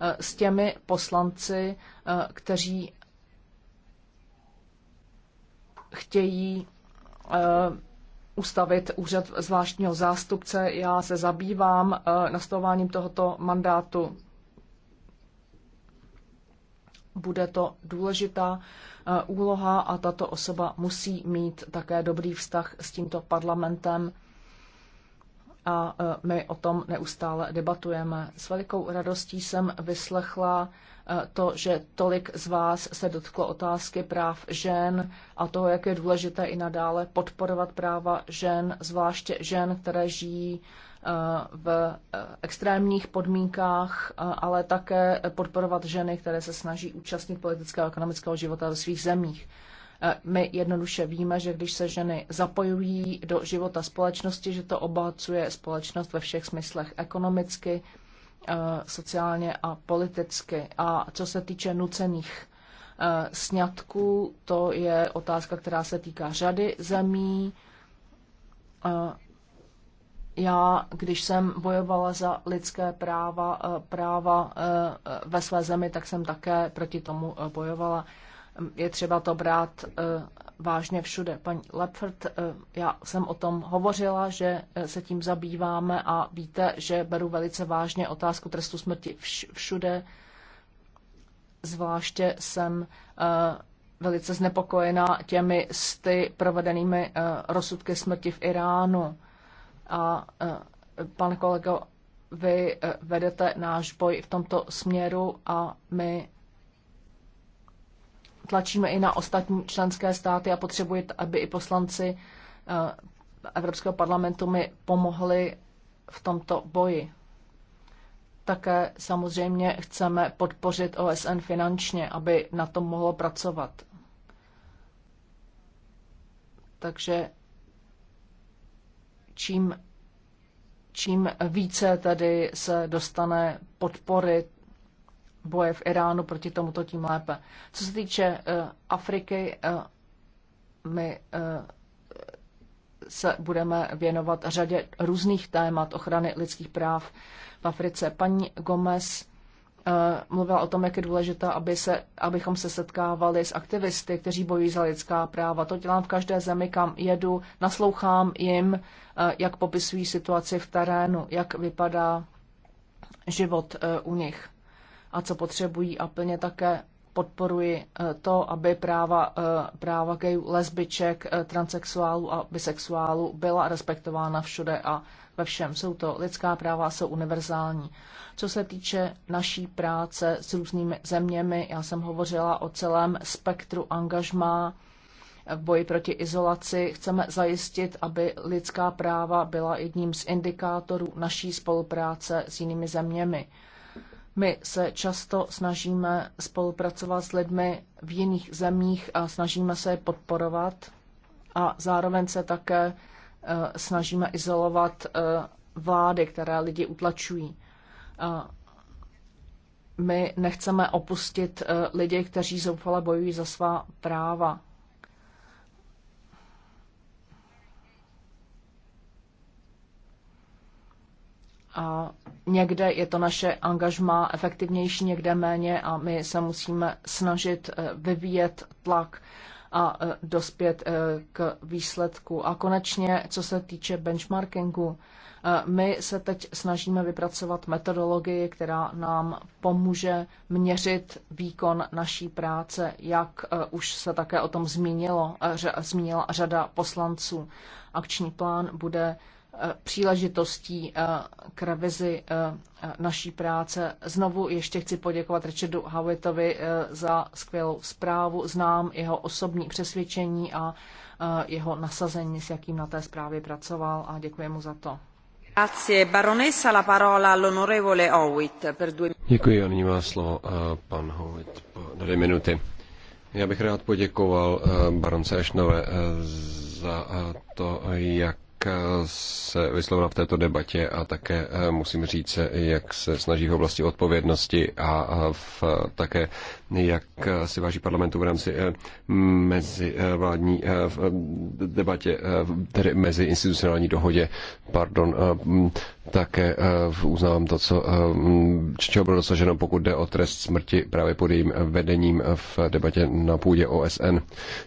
eh, s těmi poslanci, kteří chtějí ustavit úřad zvláštního zástupce. Já se zabývám nastavováním tohoto mandátu. Bude to důležitá Eh, úloha a tato osoba musí mít také dobrý vztah s tímto parlamentem a eh, my o tom neustále debatujeme. S velikou radostí jsem vyslechla eh, to, že tolik z vás se dotklo otázky práv žen a toho, jak je důležité i nadále podporovat práva žen, zvláště žen, které žijí Eh, v eh, extrémních podmínkách, eh, ale také podporovat ženy, které se snaží účastnit politického a ekonomického života ve svých zemích. My jednoduše víme, že když se ženy zapojují do života společnosti, že to obohacuje společnost ve všech smyslech ekonomicky, sociálně a politicky. A co se týče nucených sňatků, to je otázka, která se týká řady zemí já, když jsem bojovala za lidské práva, eh, práva eh, ve své zemi, tak jsem také proti tomu eh, bojovala. Je třeba to brát vážně všude. Paní Lepford, já jsem o tom hovořila, že se tím zabýváme a víte, že beru velice vážně otázku trestu smrti všude. Zvláště jsem velice znepokojena těmi sty provedenými rozsudky smrti v Iránu a e, pane kolego, vy e, vedete náš boj v tomto směru a my tlačíme i na ostatní členské státy a potřebuje, aby i poslanci e, Evropského parlamentu mi pomohli v tomto boji. Také samozřejmě chceme podpořit OSN finančně, aby na tom mohlo pracovat. Takže čím, čím více tady se dostane podpory boje v Iránu proti tomuto, tím lépe. Co se týče uh, Afriky, uh, my uh, se budeme věnovat řadě různých témat ochrany lidských práv v Africe. Paní Gomez Eh, mluvila o tom, jak je důležité, aby se, abychom se setkávali s aktivisty, kteří bojují za lidská práva. To dělám v každé zemi, kam jedu, naslouchám jim, eh, jak popisují situaci v terénu, jak vypadá život eh, u nich a co potřebují a plně také podporuji to, aby práva, práva gayů, lesbiček, transexuálů a bisexuálů byla respektována všude a ve všem. Jsou to lidská práva, jsou univerzální. Co se týče naší práce s různými zeměmi, já jsem hovořila o celém spektru angažmá v boji proti izolaci. Chceme zajistit, aby lidská práva byla jedním z indikátorů naší spolupráce s jinými zeměmi. My se často snažíme spolupracovat s lidmi v jiných zemích a snažíme se je podporovat a zároveň se také Eh, snažíme izolovat eh, vlády, které lidi utlačují. Eh, my nechceme opustit lidi, kteří zoufale bojují za svá práva. A někde je to naše angažma efektivnější, někde méně a my se musíme snažit vyvíjet tlak a e, dospět e, k výsledku. A konečně, co se týče benchmarkingu, e, my se teď snažíme vypracovat metodologii, která nám pomůže měřit výkon naší práce, jak už se také o tom zmínilo, zmínila řada poslanců. Akční plán bude Eh, příležitostí eh, k revizi eh, naší práce. Znovu ještě chci poděkovat Richardu Howitovi za skvělou zprávu. Znám jeho osobní přesvědčení a jeho nasazení, s jakým na té zprávě pracoval a děkuji mu za to. Děkuji a nyní má slovo pan Howitt na dvě minuty. Já bych rád poděkoval baronce Ešnové za to, jak Eh, se vyslovila v této debatě a také eh, musím říct, jak se snaží v oblasti odpovědnosti a v, také jak si váží parlamentu v rámci eh, mezi vládní debatě, tedy mezi institucionální dohodě, pardon, také eh, uznávám to, co, eh, čeho bylo dosaženo, pokud jde o trest smrti právě pod jejím vedením v debatě na půdě OSN.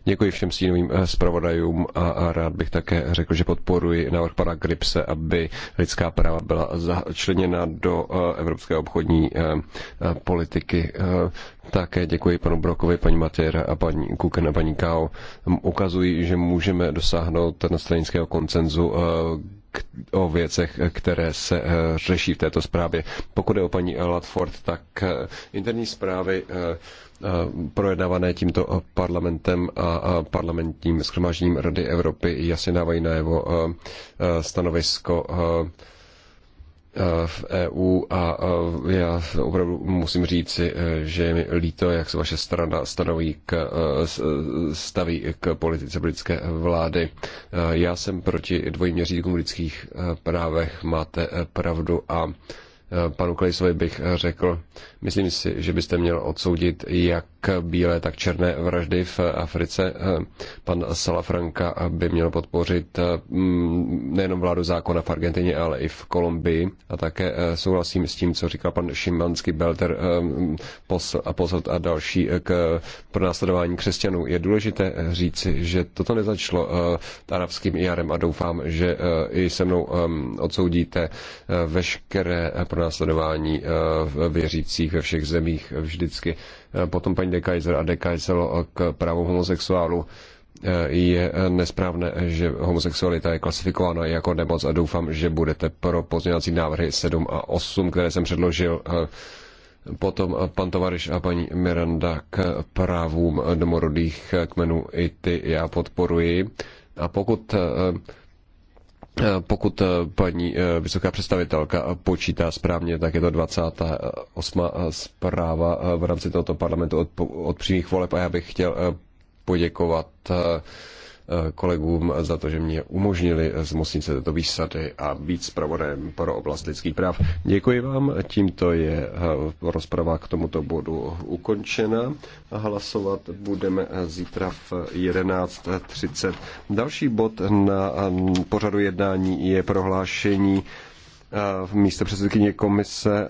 Děkuji všem stínovým eh, zpravodajům a rád bych také řekl, že podporuji návrh pana Gripse, aby lidská práva byla začleněna do evropské obchodní politiky. Také děkuji panu Brokovi, paní Matěra a paní Kuken a paní Kao. Ukazují, že můžeme dosáhnout stranického koncenzu eh, o věcech, které se eh, řeší v této zprávě. Pokud je o paní Latford, tak eh, interní zprávy projednávané tímto parlamentem a parlamentním schromážděním Rady Evropy jasně dávají najevo stanovisko Eh, v EU a eh, já opravdu musím říci, eh, že je mi líto, jak se vaše strana stanoví k, staví k politice britské vlády. Já jsem proti dvojím měřítkům lidských právech, máte pravdu a panu Klejsovi bych řekl, Myslím si, že byste měl odsoudit jak bílé, tak černé vraždy v Africe. Pan Salafranka by měl podpořit eh, mm, nejenom vládu zákona v Argentině, ale i v Kolumbii. A také eh, souhlasím s tím, co říkal pan Šimanský, Belter eh, a Posad a další k pronásledování křesťanů. Je důležité říci, že toto nezačlo arabským jarem a doufám, že i se mnou odsoudíte veškeré pronásledování věřících médiích ve všech zemích vždycky. Eh, potom paní de Kaiser a de Kaiser k právu homosexuálu eh, je nesprávné, že homosexualita je klasifikována jako nemoc a doufám, že budete pro pozměňovací návrhy 7 a 8, které jsem předložil eh, Potom pan Tovariš a paní Miranda k právům domorodých kmenů i ty já podporuji. A pokud Eh, pokud eh, paní eh, vysoká představitelka počítá správně, tak je to 28. zpráva v rámci tohoto parlamentu od, od přímých voleb a já bych chtěl poděkovat Eh, kolegům za to, že mě umožnili z mocnice této výsady a být zpravodajem pro oblast lidských práv. Děkuji vám, tímto je eh, rozprava k tomuto bodu ukončena. Hlasovat budeme eh, zítra v 11.30. Další bod na pořadu jednání je prohlášení v místě předsedkyně komise